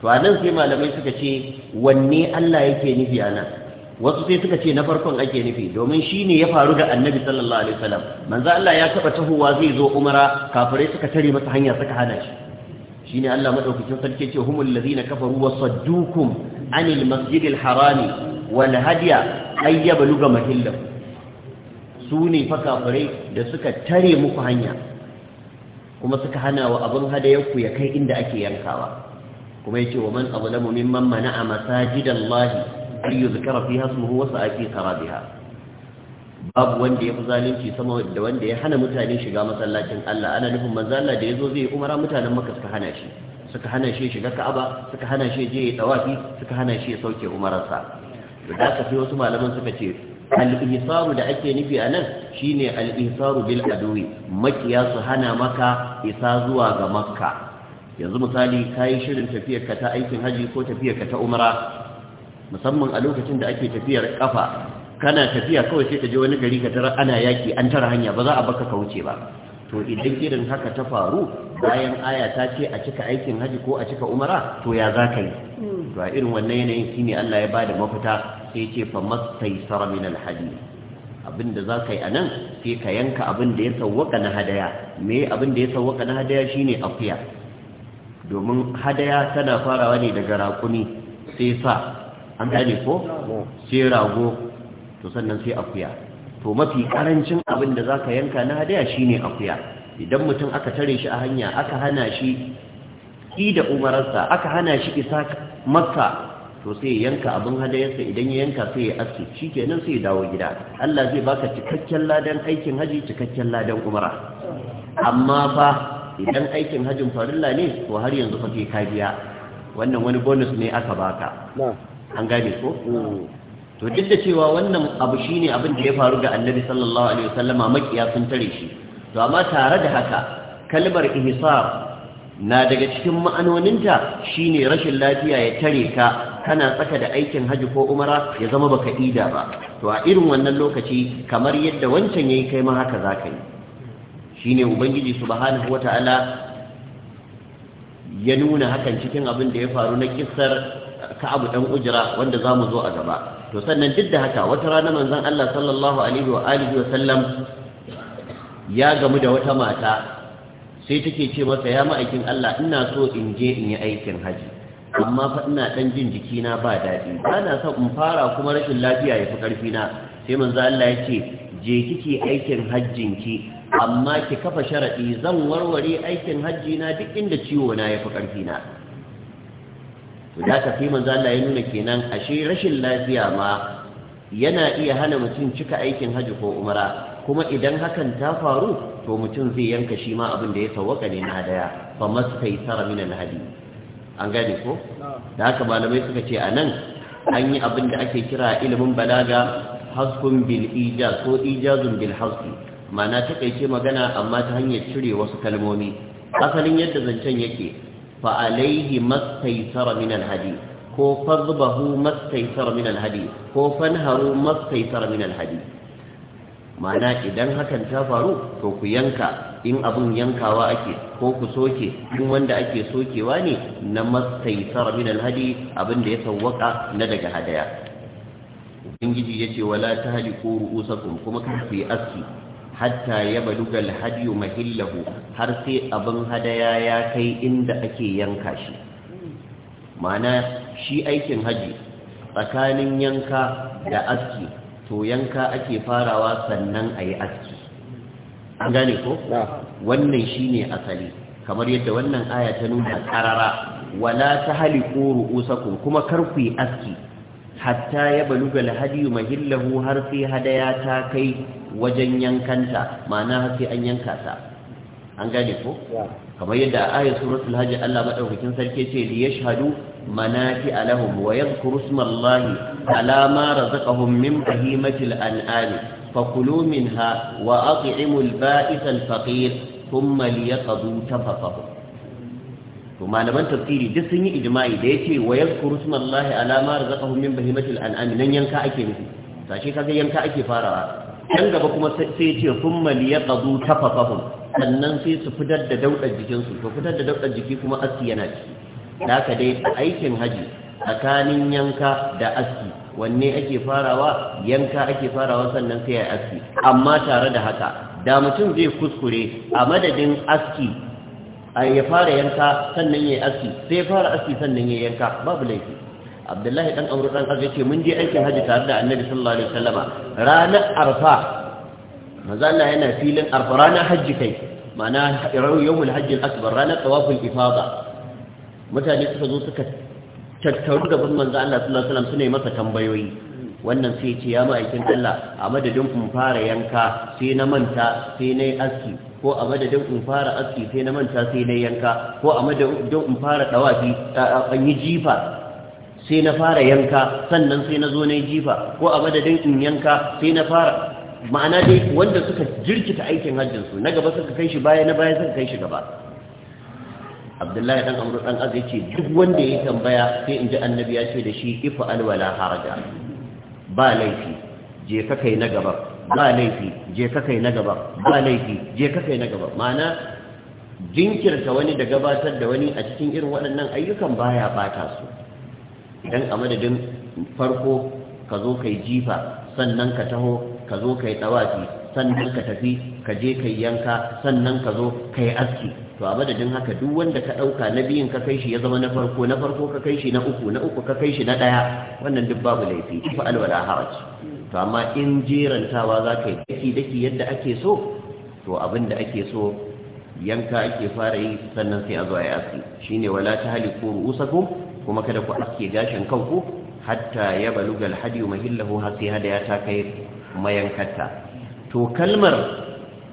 to a nan sai malamai suka ce wanne Allah yake nufi a nan wasu sai suka ce na farkon ake nufi domin shi ne ya faru ga annabi sallallahu alaihi wasallam manzo Allah ya taba tahowa zai zo umara kafirai suka tare masa hanya suka hana shi shine Allah madaukakin sarki ce humul ladina kafaru wa saddukum anil masjidil harami wal hadiya ay yabluga mahillahu su ne fa kafirai da suka tare muku hanya kuma suka hana wa abin hadayarku ya kai inda ake yankawa kuma ya ce wa man azlamu mimman mana'a masajidallahi an yuzkara fiha ismuhu wa sa'a fi kharabiha babu wanda ya fi zalunci sama da wanda ya hana mutane shiga masallacin Allah ana nufin manzo da ya zo zai umara mutanen Makka suka hana shi suka hana shi shiga ka'aba suka hana shi je ya tawafi suka hana shi ya sauke umararsa da haka wasu malaman suka ce al-ihsaru da ake nufi a nan shine al-ihsaru bil adwi makiya su hana maka isa zuwa ga makka yanzu misali kayi shirin tafiyar ka ta aikin haji ko tafiyar ka ta umra musamman a lokacin da ake tafiyar kafa kana tafiya kawai sai ka je wani gari ka tara ana yaki an tara hanya ba za a baka ka wuce ba to idan irin haka ta faru bayan aya ta ce a cika aikin haji ko a cika umara to ya za ka yi to a irin wannan yanayin shi ne Allah ya bada mafita sai ce fa sara min alhadi abinda za ka yi a nan sai ka yanka abin da ya sawwaka na hadaya me abin da ya sawwaka na hadaya shine afiya domin hadaya tana farawa ne daga raƙumi sai sa an gane ko sai rago to sannan sai akuya to mafi karancin abin da za ka yanka na hadaya shine akuya idan mutum aka tare shi a hanya aka hana shi ki da umararsa aka hana shi isa makka to sai yanka abin hadayarsa idan ya yanka sai ya aski shi kenan sai ya dawo gida Allah zai baka cikakken ladan aikin haji cikakken ladan umara amma fa idan aikin hajin farilla ne to har yanzu fa sai wannan wani bonus ne aka baka an gane ko to duk da cewa wannan abu shine abin da ya faru ga Annabi sallallahu alaihi wasallama makiya sun tare shi to amma tare da haka kalmar ihsar na daga cikin ma'anoninta shine rashin lafiya ya tare ka kana tsaka da aikin haji ko umara ya zama baka ida ba to a irin wannan lokaci kamar yadda wancan yayi kai ma haka zaka yi shine ubangiji subhanahu wataala ya nuna hakan cikin abin da ya faru na kissar Ka'ab dan Ujra wanda zamu zo a gaba to sannan duk da haka wata rana manzon Allah sallallahu alaihi wa alihi wa sallam ya gamu da wata mata sai take ce masa ya ma'aikin Allah ina so in je in yi aikin haji amma fa ina dan jin jikina ba daɗi ba na son in fara kuma rashin lafiya ya fi ƙarfi na sai manzo Allah ya ce je kike aikin hajjin ki amma ki kafa sharaɗi zan warware aikin hajji na duk inda ciwo na ya fi ƙarfi na to da ka fi manzo Allah ya nuna kenan ashe rashin lafiya ma yana iya hana mutum cika aikin haji ko umara kuma idan hakan ta faru to mutum zai yanka shi ma abin da ya sawwaka ne na daya fa mastaisara min alhadi an gane ko da haka malamai suka ce anan an yi abin da ake kira ilimin balaga haskun bil ijaz ko ijazun bil haski ma'ana takaice magana amma ta hanyar cire wasu kalmomi asalin yadda zancen yake fa alaihi mastaisara min alhadi ko fadhbahu mastaisara min alhadi ko fanharu mastaisara min alhadi ma'ana idan hakan ta faru to ku yanka in abin yankawa ake ko ku soke in wanda ake sokewa ne na mastaisar min alhadi abin da ya sawwaka na daga hadaya ubangiji yace wala ta ko ru'usakum kuma kan su yi aski hatta ya baluga alhadiyu mahillahu har sai abin hadaya ya kai inda ake yanka shi ma'ana shi aikin haji tsakanin yanka da aski to yanka ake farawa sannan a yi aski an gane ko? wannan shi ne asali kamar yadda wannan aya ta nuna karara wala ta hali haliku usakun kuma kar ku yi aski hatta ya baluga alhadiyu mahillahu har sai hadaya ta kai wajen yankanta ma'ana har sai an yanka ta an gane ko kamar yadda ayat suratul hajj Allah madaukakin sarki ce li yashhadu منافع لهم ويذكر اسم الله على ما رزقهم من بهيمة الأنعام فكلوا منها وأطعموا البائس الفقير ثم ليقضوا تفقهم to malaman tafsiri duk sun yi ijma'i da yace wa yadhkuru smallahi ala ma razaqahum min bahimatil an'am nan yanka ake nufi sashi kaga yanka ake farawa Nan gaba kuma sai yace sannan sai su fitar da daudar jikinsu to fitar da daudar jiki kuma asiyana yana da ka dai aikin haji tsakanin yanka da aski wanne ake farawa yanka ake farawa sannan sai ya aski amma tare da haka da mutum zai kuskure a madadin aski ya fara yanka sannan ya aski sai ya fara aski sannan ya yanka babu laifi abdullahi dan amru dan kaza ce mun je aikin haji tare da annabi sallallahu alaihi wasallama ranar arfa Maza Allah yana filin arfa ranar haji kai ma'ana yawmul hajji al-akbar ranar tawaful ifada mutane suka zo suka tattaru gaban manzo Allah sallallahu alaihi wasallam suna masa tambayoyi wannan sai ce ya ma'aikin Allah a madadin in fara yanka sai na manta sai na yi aski ko a madadin in fara aski sai na manta sai na yanka ko a madadin in fara dawafi an yi jifa sai na fara yanka sannan sai na zo na yi jifa ko a madadin in yanka sai na fara ma'ana dai wanda suka jirkita aikin hajjinsu na gaba suka kai shi baya na baya suka kai shi gaba abdullahi dan amru dan azai ce duk wanda ya tambaya sai in ji annabi ya ce da shi ifa alwala haraja ba laifi je ka kai na gaba ba laifi je ka kai na gaba ba laifi je ka kai na gaba ma'ana jinkirta wani da gabatar da wani a cikin irin waɗannan ayyukan baya bata su Idan a madadin farko ka zo kai jifa sannan ka taho ka zo kai tsawafi, sannan ka tafi ka je kai yanka sannan ka zo kai aski to a madadin haka duk wanda ka ɗauka na biyun ka kai shi ya zama na farko na farko ka kai shi na uku na uku ka kai shi na ɗaya wannan duk babu laifi fa alwala haraj to amma in jerantawa za ka yi daki daki yadda ake so to abin da ake so yanka ake fara yi sannan sai a zo a yi aski shine wala ta haliku ru'usakum kuma kada ku aske gashin kanku hatta ya baluga alhadi mahillahu har sai hadaya ta kai mayankata. to kalmar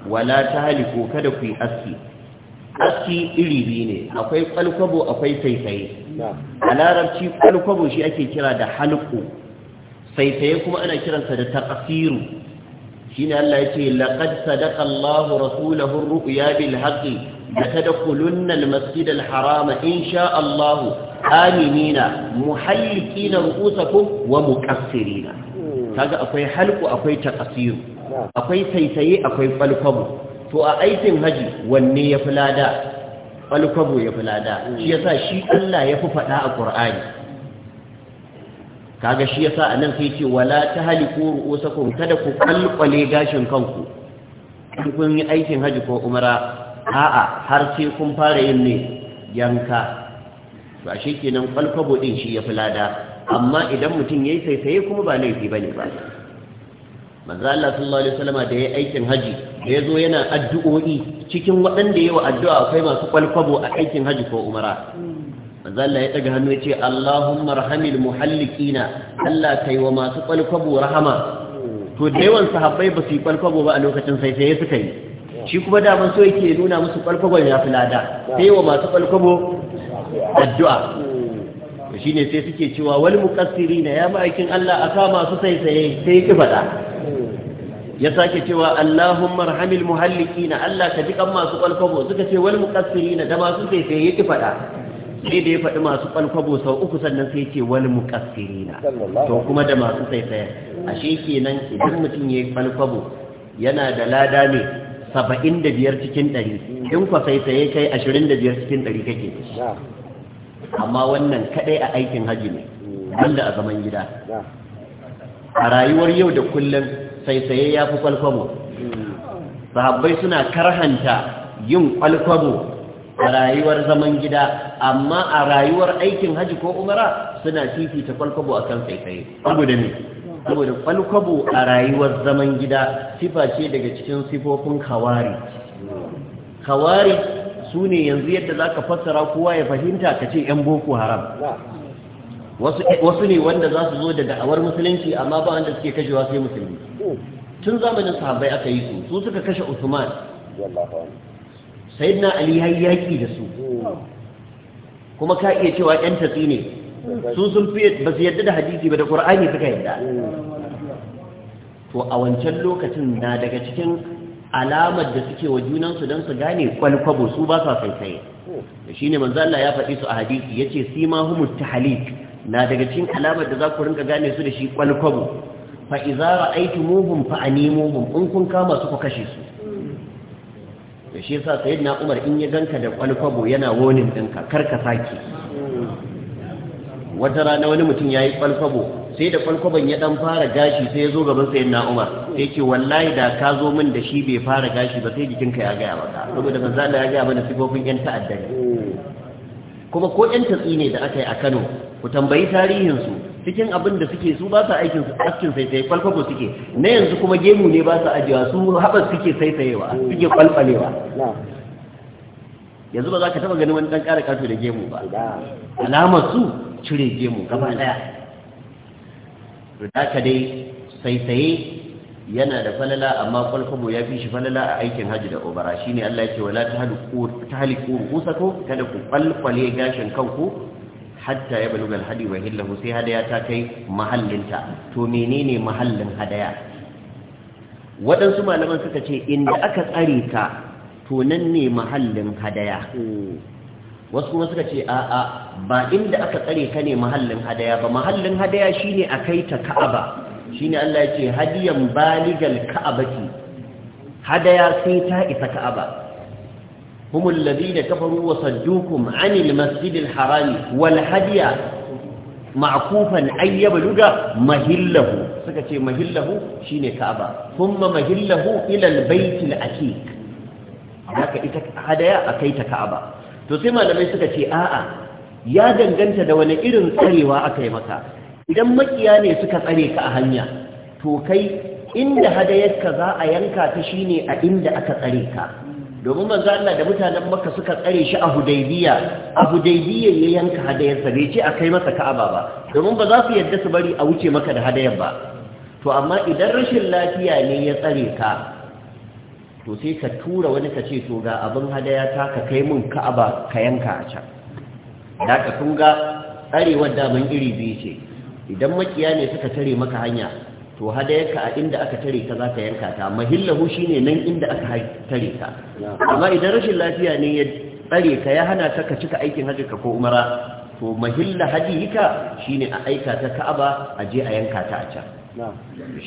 wala ta ko kada ku yi aski aski iri biyu ne akwai kwalkwabo akwai saisaye a larabci kwalkwabo shi ake kira da halku saisaye kuma ana kiransa da taqsiru shine Allah yace laqad sadaqa Allahu rasulahu ar-ru'ya bil haqqi latadkhulunna kulunan masjid al-haram insha allahu aminina muhallikina ru'usakum wa muqassirina hmm. kaga akwai halku akwai taqsiru akwai saisaye akwai kwalkwabo to a aikin haji wanne ya fi lada alkwabo ya fi lada shi ya sa shi Allah ya fi faɗa a Qur'ani kaga shi ya sa a nan sai ce wala ta ko ru'usakum kada ku kalkwale gashin kanku kun yi aikin haji ko umara a'a har sai kun fara yin ne yanka ba shi kenan kwalkwabo din shi ya fi lada amma idan mutum ya yi saisaye kuma ba laifi ba ne ba manzo Allah sallallahu alaihi wasallama da yayi aikin haji da yazo yana addu'o'i cikin waɗanda yawa addu'a akwai masu kwalkwabo a aikin haji ko umara manzo Allah ya daga hannu yace Allahumma rahamil muhallikina Allah kai wa masu kwalkwabo rahama to da yawan sahabbai ba su yi kwalkwabo ba a lokacin sai sai suka yi shi kuma da ban so yake nuna musu kwalkwabon ya fi lada sai wa masu kwalkwabo addu'a ne sai suke cewa wal muqassirina ya ma'aikin Allah aka masu sai sai sai ki fada ya sake cewa Allahumma arhamil muhallikina Allah ka ji kan masu kwalkwabo suka ce wal muqassirina da masu sai sai yake faɗa. sai da ya faɗi masu kwalkwabo sau uku sannan sai ce wal muqassirina to kuma da masu sai sai ashe kenan idan mutum ya yi kwalkwabo yana da lada ne saba'in da biyar cikin ɗari, in kwa sai sai kai biyar cikin ɗari kake amma wannan kaɗai a aikin haji ne banda a zaman gida a rayuwar yau da kullum saisaye ya fi kwalkwabo sahabbai suna karhanta yin kwalkwabo a rayuwar zaman gida amma a rayuwar aikin haji ko umara suna fifita kwalkwabo a kan saisaye saboda saboda kwalkwabo a rayuwar zaman gida sifa ce daga cikin sifofin kawari kawari su ne yanzu yadda za ka fassara kowa ya fahimta ka ce 'yan boko haram wasu ne wanda za su zo da da'awar musulunci amma ba wanda suke kashewa sai musulunci. tun zamanin sahabbai aka yi su su suka kashe Usman sayyidina Ali ya yaki da su kuma ka iya cewa yan tatsi ne su sun fi ba su yadda da hadisi ba da Qur'ani suka yadda to a wancan lokacin na daga cikin alamar da suke wa junansu don su gane kwalkwabo su ba sa da shine manzo Allah ya faɗi su a hadisi yace sima humu tahlik na daga cikin alamar da za ku rinka gane su da shi kwalkwabo fa aikin ra'aytumuhum fa animuhum in kun kama su ku kashe su to shi yasa sayyidina Umar in ya ganka da kwalkwabo yana wonin dinka karka saki wata rana wani mutum ya yi kwalkwabo sai da kwalkwaban ya dan fara gashi sai ya zo gaban sayyidina Umar sai yake wallahi da ka zo min da shi bai fara gashi ba sai jikinka ya gaya maka saboda manzo Allah ya gaya mana sifofin yan ta'adda kuma ko yan tatsi ne da aka yi a Kano ku tambayi tarihinsu cikin abin da suke su ba su aikin askin saisaye kwalkwako suke na yanzu kuma gemu ne ba su su haɓar suke saisayewa suke kwalfalewa yanzu ba za ka taɓa ganin wani ɗan ƙara ƙarfi da gemu ba alamar su cire gemu gaba ɗaya da ka dai saisaye yana da falala amma kwalkwabo ya fi shi falala a aikin hajji da obara ne Allah ya ce wala ta haliku ko kada ku kwalkwale gashin kanku hatta ya baluga hadi wa hillahu sai hadaya ta kai mahallinta to menene mahallin hadaya waɗansu malaman suka ce inda aka tsare ta to nan ne mahallin hadaya wasu kuma suka ce a'a ba inda aka tsare ka ne mahallin hadaya ba mahallin hadaya shine a kai ta ka'aba shine Allah ya ce hadiyan baligal ka'abati hadaya sai ta isa ka'aba هم الذين كفروا وصدوكم عن المسجد الحرام والهدي معكوفا أن يبلغ مهله سكتي مهله شين كعبة ثم مهله إلى البيت الأتيك هناك هدايا أكيت كعبة تسمى لما سكتي آآ ya danganta da wani irin tsarewa aka yi maka idan makiya ne suka tsare ka a hanya to kai inda hadayarka za a yanka ta shine a inda aka tsare ka domin manzo Allah da mutanen Makka suka tsare shi a Hudaybiya a Hudaybiya ya yanka hadayarsa bai ce a kai masa Ka'aba ba domin ba za su yadda su bari a wuce maka da hadayar ba to amma idan rashin lafiya ne ya tsare ka to sai ka tura wani ka ce to ga abin hadaya ta ka kai mun Ka'aba ka yanka a can da ka kun ga tsarewar daman iri biyu ce idan makiya ne suka tare maka hanya to hadayarka a inda aka tare ka za ka yanka ta mahillahu shine nan inda aka tare ka amma idan rashin lafiya ne ya tsare ka ya hana ta ka cika aikin hajji ka ko umara to mahilla shi shine a aika ta ka'aba a je a yanka ta a can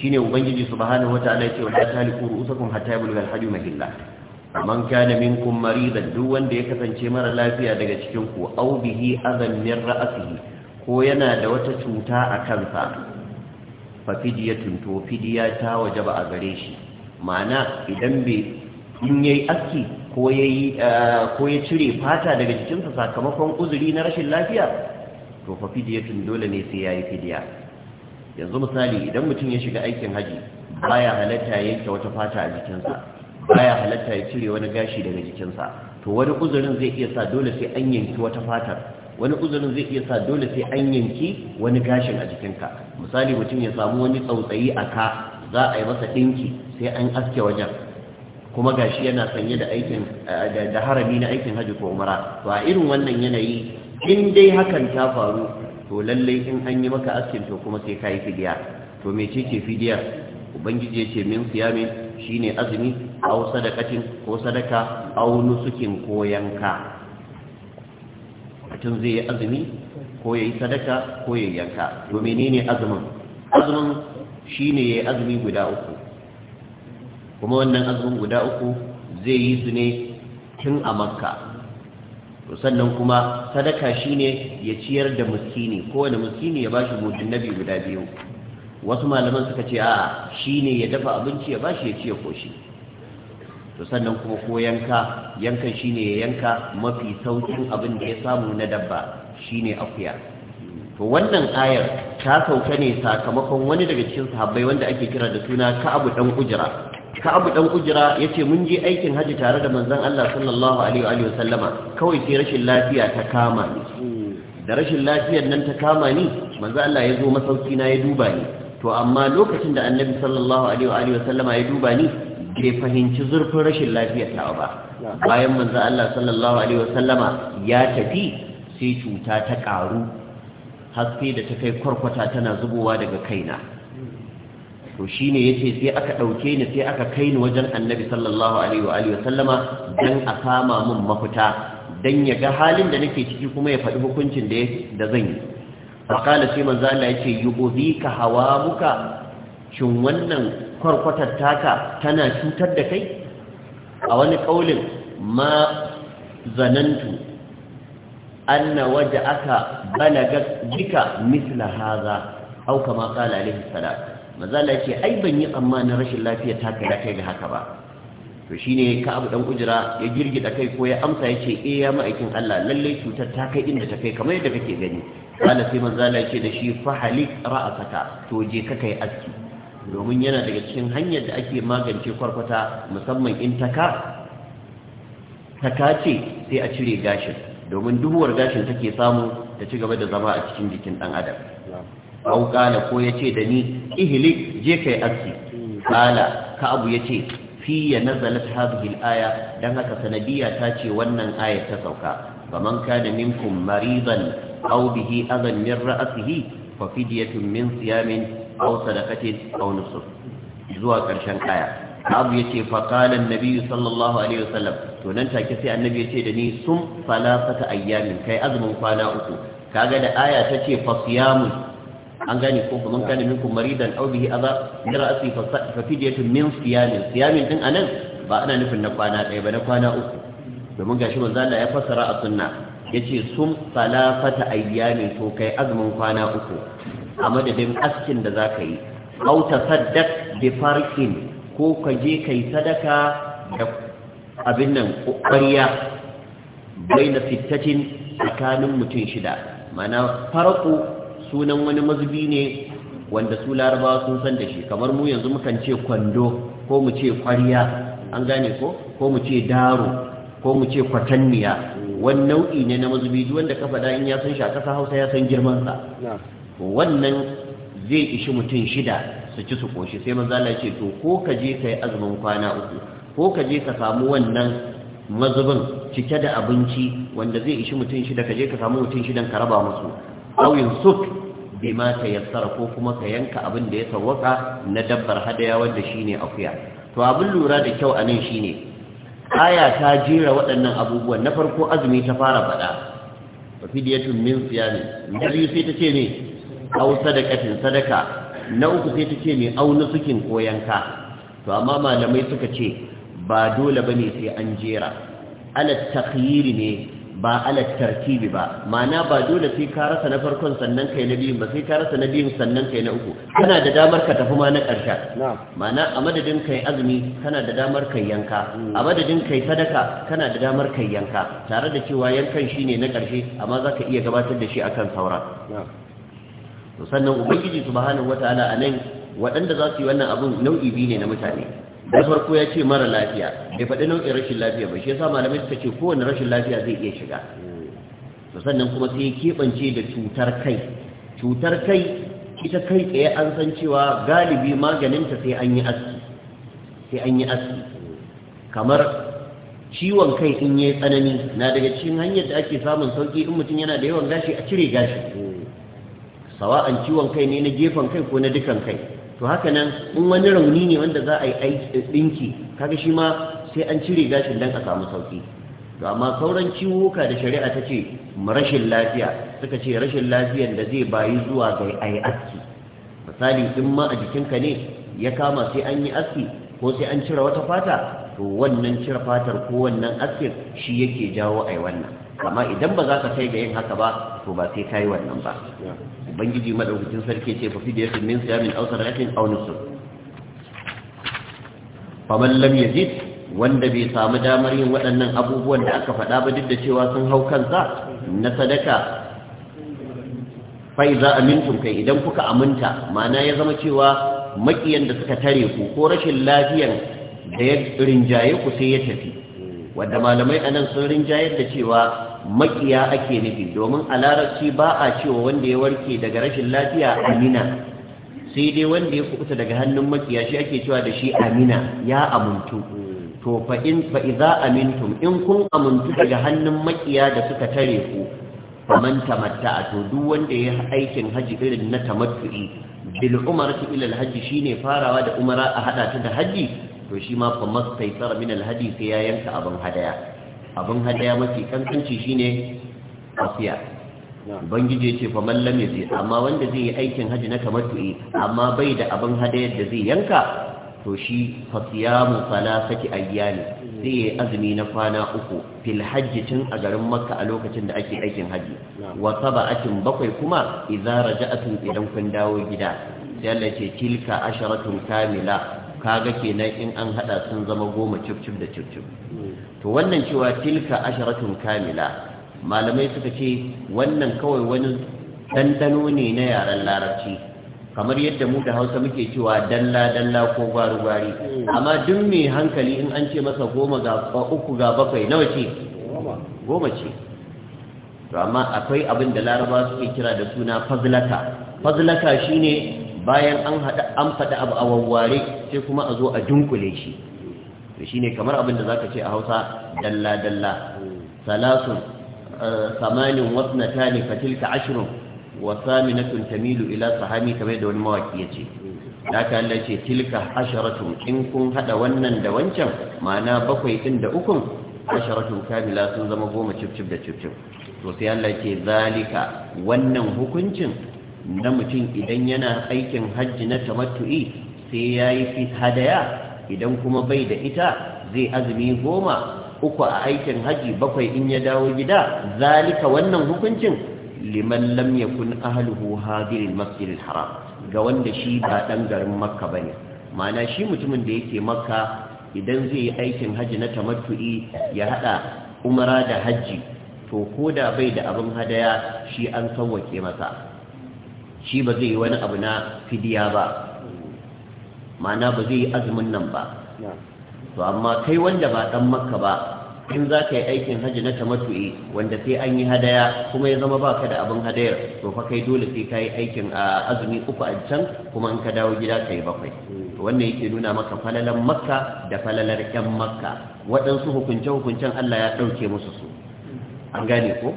shine ubangiji subhanahu wataala yake wa taliku ru'usakum hatta yablugha al mahilla man kana minkum maridan duk wanda ya kasance mara lafiya daga cikin ku aw bihi adan min ra'sihi ko yana da wata cuta a kansa fa fidiyatun to fidiya ta wajaba a gare shi ma'ana idan bai in yayi aski ko yayi eh, ko ya cire fata daga jikinsa sakamakon uzuri na rashin lafiya to fa fidiyatun dole ne sai yayi fidiya yanzu misali idan mutum ya shiga aikin haji baya halatta yanke wata fata a jikinsa baya halatta ya cire wani gashi daga jikinsa to wani uzurin zai iya sa dole sai an yanki wata fatar wani uzurin zai iya sa dole sai an yanki wani gashin a jikinka misali mutum ya samu wani tsautsayi a ka za a yi masa ɗinki sai an aske wajen kuma gashi yana sanye da aikin eh, da harami na aikin hajji ko umara to a irin wannan yanayi in dai hakan ta faru to lallai in an yi maka askin to kuma sai kayi fidiya to me ce fidiyar ubangiji ya ce min siyamin shine azumi au sadaqatin ko sadaka au nusukin ko yanka mutum zai yi azumi ko ya yi sadaka ko ya yanka domin ne azumin azumin shine ya yi azumi guda uku kuma wannan azumin guda uku zai yi su ne tun a makka to sannan kuma sadaka shi ne ya ciyar da muskini kowane muskini ya bashi na nabi guda biyu wasu malaman suka ce a ne ya dafa abinci ya bashi ya ci ya koshi to sannan kuma ko yanka yankan shine ya yanka mafi saukin abin da ya samu na dabba shine akuya to wannan ayar ta sauka ne sakamakon wani daga cikin sahabbai wanda ake kira da suna Ka'abu dan Ujra Ka'abu dan ya yace mun je aikin haji tare da manzon Allah sallallahu alaihi wa sallama kawai sai rashin lafiya ta kama ni da rashin lafiyar nan ta kama ni manzon Allah ya zo masauki na ya duba ni to amma lokacin da Annabi sallallahu alaihi wa sallama ya duba ni bai fahimci zurfin rashin lafiyar ta ba bayan manzo Allah sallallahu alaihi wasallama ya tafi sai cuta ta karu haske da ta kai kwarkwata tana zubowa daga kaina to shine yace sai aka dauke ni sai aka kai ni wajen Annabi sallallahu alaihi wa alihi wasallama dan a kama min mafita dan ya ga halin da nake ciki kuma ya faɗi hukuncin da da zan yi fa qala sai manzo Allah yace yubudika hawamuka shin wannan kwarkwatar taka tana cutar da kai a wani kaulin ma zanantu anna waje aka balaga jika misla haza au kama kala alaihi mazala ce ai ban yi amma na rashin lafiya ta kai kai da haka ba to shine ka abu dan ujira ya girgida kai ko ya amsa ya ce eh ya ma'aikin Allah lallai cutar ta kai inda ta kai kamar yadda kake gani kala sai manzala ce da shi fahalik ra'asaka to je ka kai aski domin yana daga cikin hanyar da ake magance kwarkwata musamman in taka ta ce sai a cire gashin domin duhuwar gashin take samu ta ci gaba da zama a cikin jikin ɗan adam au kala ko ya ce da ni ihili je kai aski kala ka abu ya ce fi ya nazalat hadhihi hil'aya dan haka sanadiyya ta ce wannan aya ta sauka faman kana minkum maridan aw bihi adan min ra'sihi fa fidyatun min siyamin aw sadaqatin aw nusuk zuwa karshen kaya abu yace fa qala an-nabi sallallahu alaihi wasallam to nan take sai annabi yace da ni sum salasata ayyamin kai azumin kwana uku da aya tace fa siyamun an gane ko kuma kana minkum maridan aw bihi adha min ra'si fa fidyatun min siyamin siyamin din anan ba ana nufin na kwana ɗaya ba na kwana uku domin gashi manzo Allah ya fassara a sunna yace sum salafata ayyamin to kai azumin kwana uku a madadin askin da za ka yi Auta saddak da farkin ko ka je kai sadaka da abin nan ƙwariya na sittatin tsakanin mutum shida mana farko sunan wani mazubi ne wanda su laraba sun san da shi kamar mu yanzu mukan ce kwando ko mu ce ƙwariya an gane ko ko mu ce daro ko mu ce kwatanniya wani nau'i ne na mazubi wanda ka faɗa in ya san shi a ƙasa hausa ya san girmansa wannan zai ishi mutum shida su ci su koshi sai maza Allah ce to ko ka je kai azumin kwana uku ko ka je ka samu wannan mazubin cike da abinci wanda zai ishi mutum shida ka je ka samu mutum shidan ka raba musu bi ma ta yassara ko kuma ka yanka abin da ya sawwaka na dabbar hadaya wanda shine akuya to abin lura da kyau anan shine aya ta jera waɗannan abubuwan na farko azumi ta fara faɗa fa fidiyatun min siyami sai ta ce ne au sadakatin sadaka na uku sai ta ce mai auna sukin ko to amma malamai suka ce ba dole bane sai an jera alat ne ba alat tartibi ba mana ba dole sai ka rasa na farkon sannan kai na biyun ba sai ka rasa na biyun sannan kai na uku kana da damar ka tafi ma na ƙarshen mana a madadin kai azumi kana da damar kai yanka a madadin kai sadaka kana da damar kai yanka tare da cewa yankan shine na ƙarshe amma za ka iya gabatar da shi akan saura. to sannan ubangiji subhanahu wataala a nan waɗanda za su yi wannan abin nau'i biyu ne na mutane da farko ya ce mara lafiya bai faɗi nau'in rashin lafiya ba shi yasa malamai suka ce kowane rashin lafiya zai iya shiga to sannan kuma sai keɓance da cutar kai cutar kai ita kai tsaye an san cewa galibi maganinta sai an yi aski sai an yi aski kamar ciwon kai in yi tsanani na daga cikin hanyar da ake samun sauki in mutum yana da yawan gashi a cire gashi sawa'an ciwon kai ne na gefen kai ko na dukan kai to haka nan in wani rauni ne wanda za a yi aiki eh, ɗinki kaga shi ma sai an cire gashin dan a samu sauki to amma sauran ciwuka da shari'a ta ce rashin lafiya suka ce rashin lafiyar da zai bayi zuwa ga ai aski misali in ma a jikinka ne ya kama sai an yi aski ko sai an cire wata fata to wannan cire fatar ko wannan askin shi yake jawo ai wannan amma idan ba za ka kai ga yin haka ba to ba sai ka yi wannan ba ubangiji madaukakin sarki ce fa fidiyatu min siyamin aw sadaqatin aw nusuk faman lam yajid wanda bai samu damar yin waɗannan abubuwan da aka faɗa ba duk da cewa sun hau kansa na sadaka fa iza amintum kai idan kuka aminta ma'ana ya zama cewa makiyan da suka tare ku ko rashin lafiyan da ya rinjaye ku sai ya tafi wanda malamai anan sun rinjayar da cewa makiya ake nufi domin a larabci ba a cewa wanda ya warke daga rashin lafiya amina sai dai wanda ya kuɓuta daga hannun makiya shi ake cewa da shi amina ya amuntu to fa in fa idza amintum in kun amuntu daga hannun makiya da suka tare ku faman tamatta to duk wanda ya aikin haji irin na tamattu'i bil umrati ila al haji shine farawa da umara a hada ta da haji to shi ma fa mastaysara min al haji sai ya yanka abin hadaya abin hadaya mafi kankanci shine asiya ubangiji ya ce fa mallam ya ce amma wanda zai yi aikin haji na kamar tu'i. amma bai da abin hadayar da zai yanka to shi fasiyamu salasati ayyami zai yi azumi na kwana uku fil hajji tun a garin makka a lokacin da ake aikin haji wa saba'atin bakwai kuma idza raja'atun idan kun dawo gida yalla ce tilka asharatun kamila kaga kenan in an hada sun zama goma cif da cif to wannan cewa tilka asharatun kamila malamai suka ce wannan kawai wani dandano ne na yaren larabci kamar yadda mu da hausa muke cewa dalla dalla ko gwari gwari amma duk mai hankali in an ce masa goma ga uku ga bakwai nawa ce goma ce to amma akwai abin da laraba suke kira da suna fazlaka fazlaka shine bayan an faɗi an fada abu a wawware sai kuma a zo a dunkule shi to shine kamar abin da zaka ce a Hausa dalla dalla salasun samanin eh, wasnatani fatilka ashrun wa saminatun tamilu ila sahami kamar da wani mawaki yace haka Allah ce tilka asharatun in kun hada wannan da wancan ma'ana bakwai din da ukun asharatun kamila sun zama goma cif da cif to sai Allah ce zalika wannan hukuncin na mutum idan yana aikin hajji na tamattu'i sai yayi fi hadaya idan kuma bai da ita zai azumi goma uku a aikin haji bakwai in ya dawo gida zalika wannan hukuncin liman lam yakun ahluhu Hadirin masjidil haram ga wanda shi ba dan garin makka bane ma'ana shi mutumin da yake makka idan zai yi aikin haji na tamattu'i ya hada umara da haji to koda bai da abin hadaya shi an sawwake masa shi ba zai yi wani abu na fidiya ba ma'ana ba zai yi azumin nan ba to amma kai wanda ba dan makka ba in za ka yi aikin hajji na tamatu'i wanda sai an yi hadaya kuma ya zama baka da abin hadayar to fa kai dole sai ka yi aikin a azumi uku a can kuma in ka dawo gida ka yi bakwai hmm. wannan yake nuna maka falalar makka da falalar yan makka waɗansu hukunce-hukuncen Allah ya ɗauke musu su an gane ko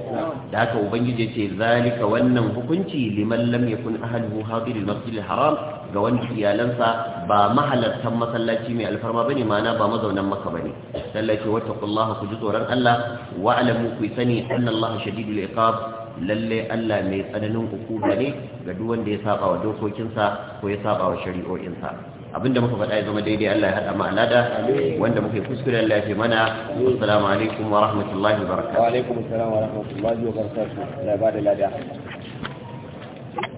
da haka ubangiji ce zalika wannan hukunci liman lam yakun ahluhu hadir al-masjid al-haram ga wanda iyalansa ba mahalartan masallaci mai alfarma bane ma'ana ba mazaunan maka bane sallaci wattaqullaha ku ji tsoron Allah wa alamu ku sani anna Allah shadidul iqab Lallai Allah mai tsananin hukuma ne ga duk wanda ya saba wa dokokinsa ko ya saba wa shari'o'insa abinda muka faɗa ya zama daidai Allah ya haɗa mu alada wanda muke kuskure Allah ya fi mana assalamu alaikum wa rahmatullahi wa barakatuh wa alaikum assalam wa rahmatullahi wa barakatuh la bada lada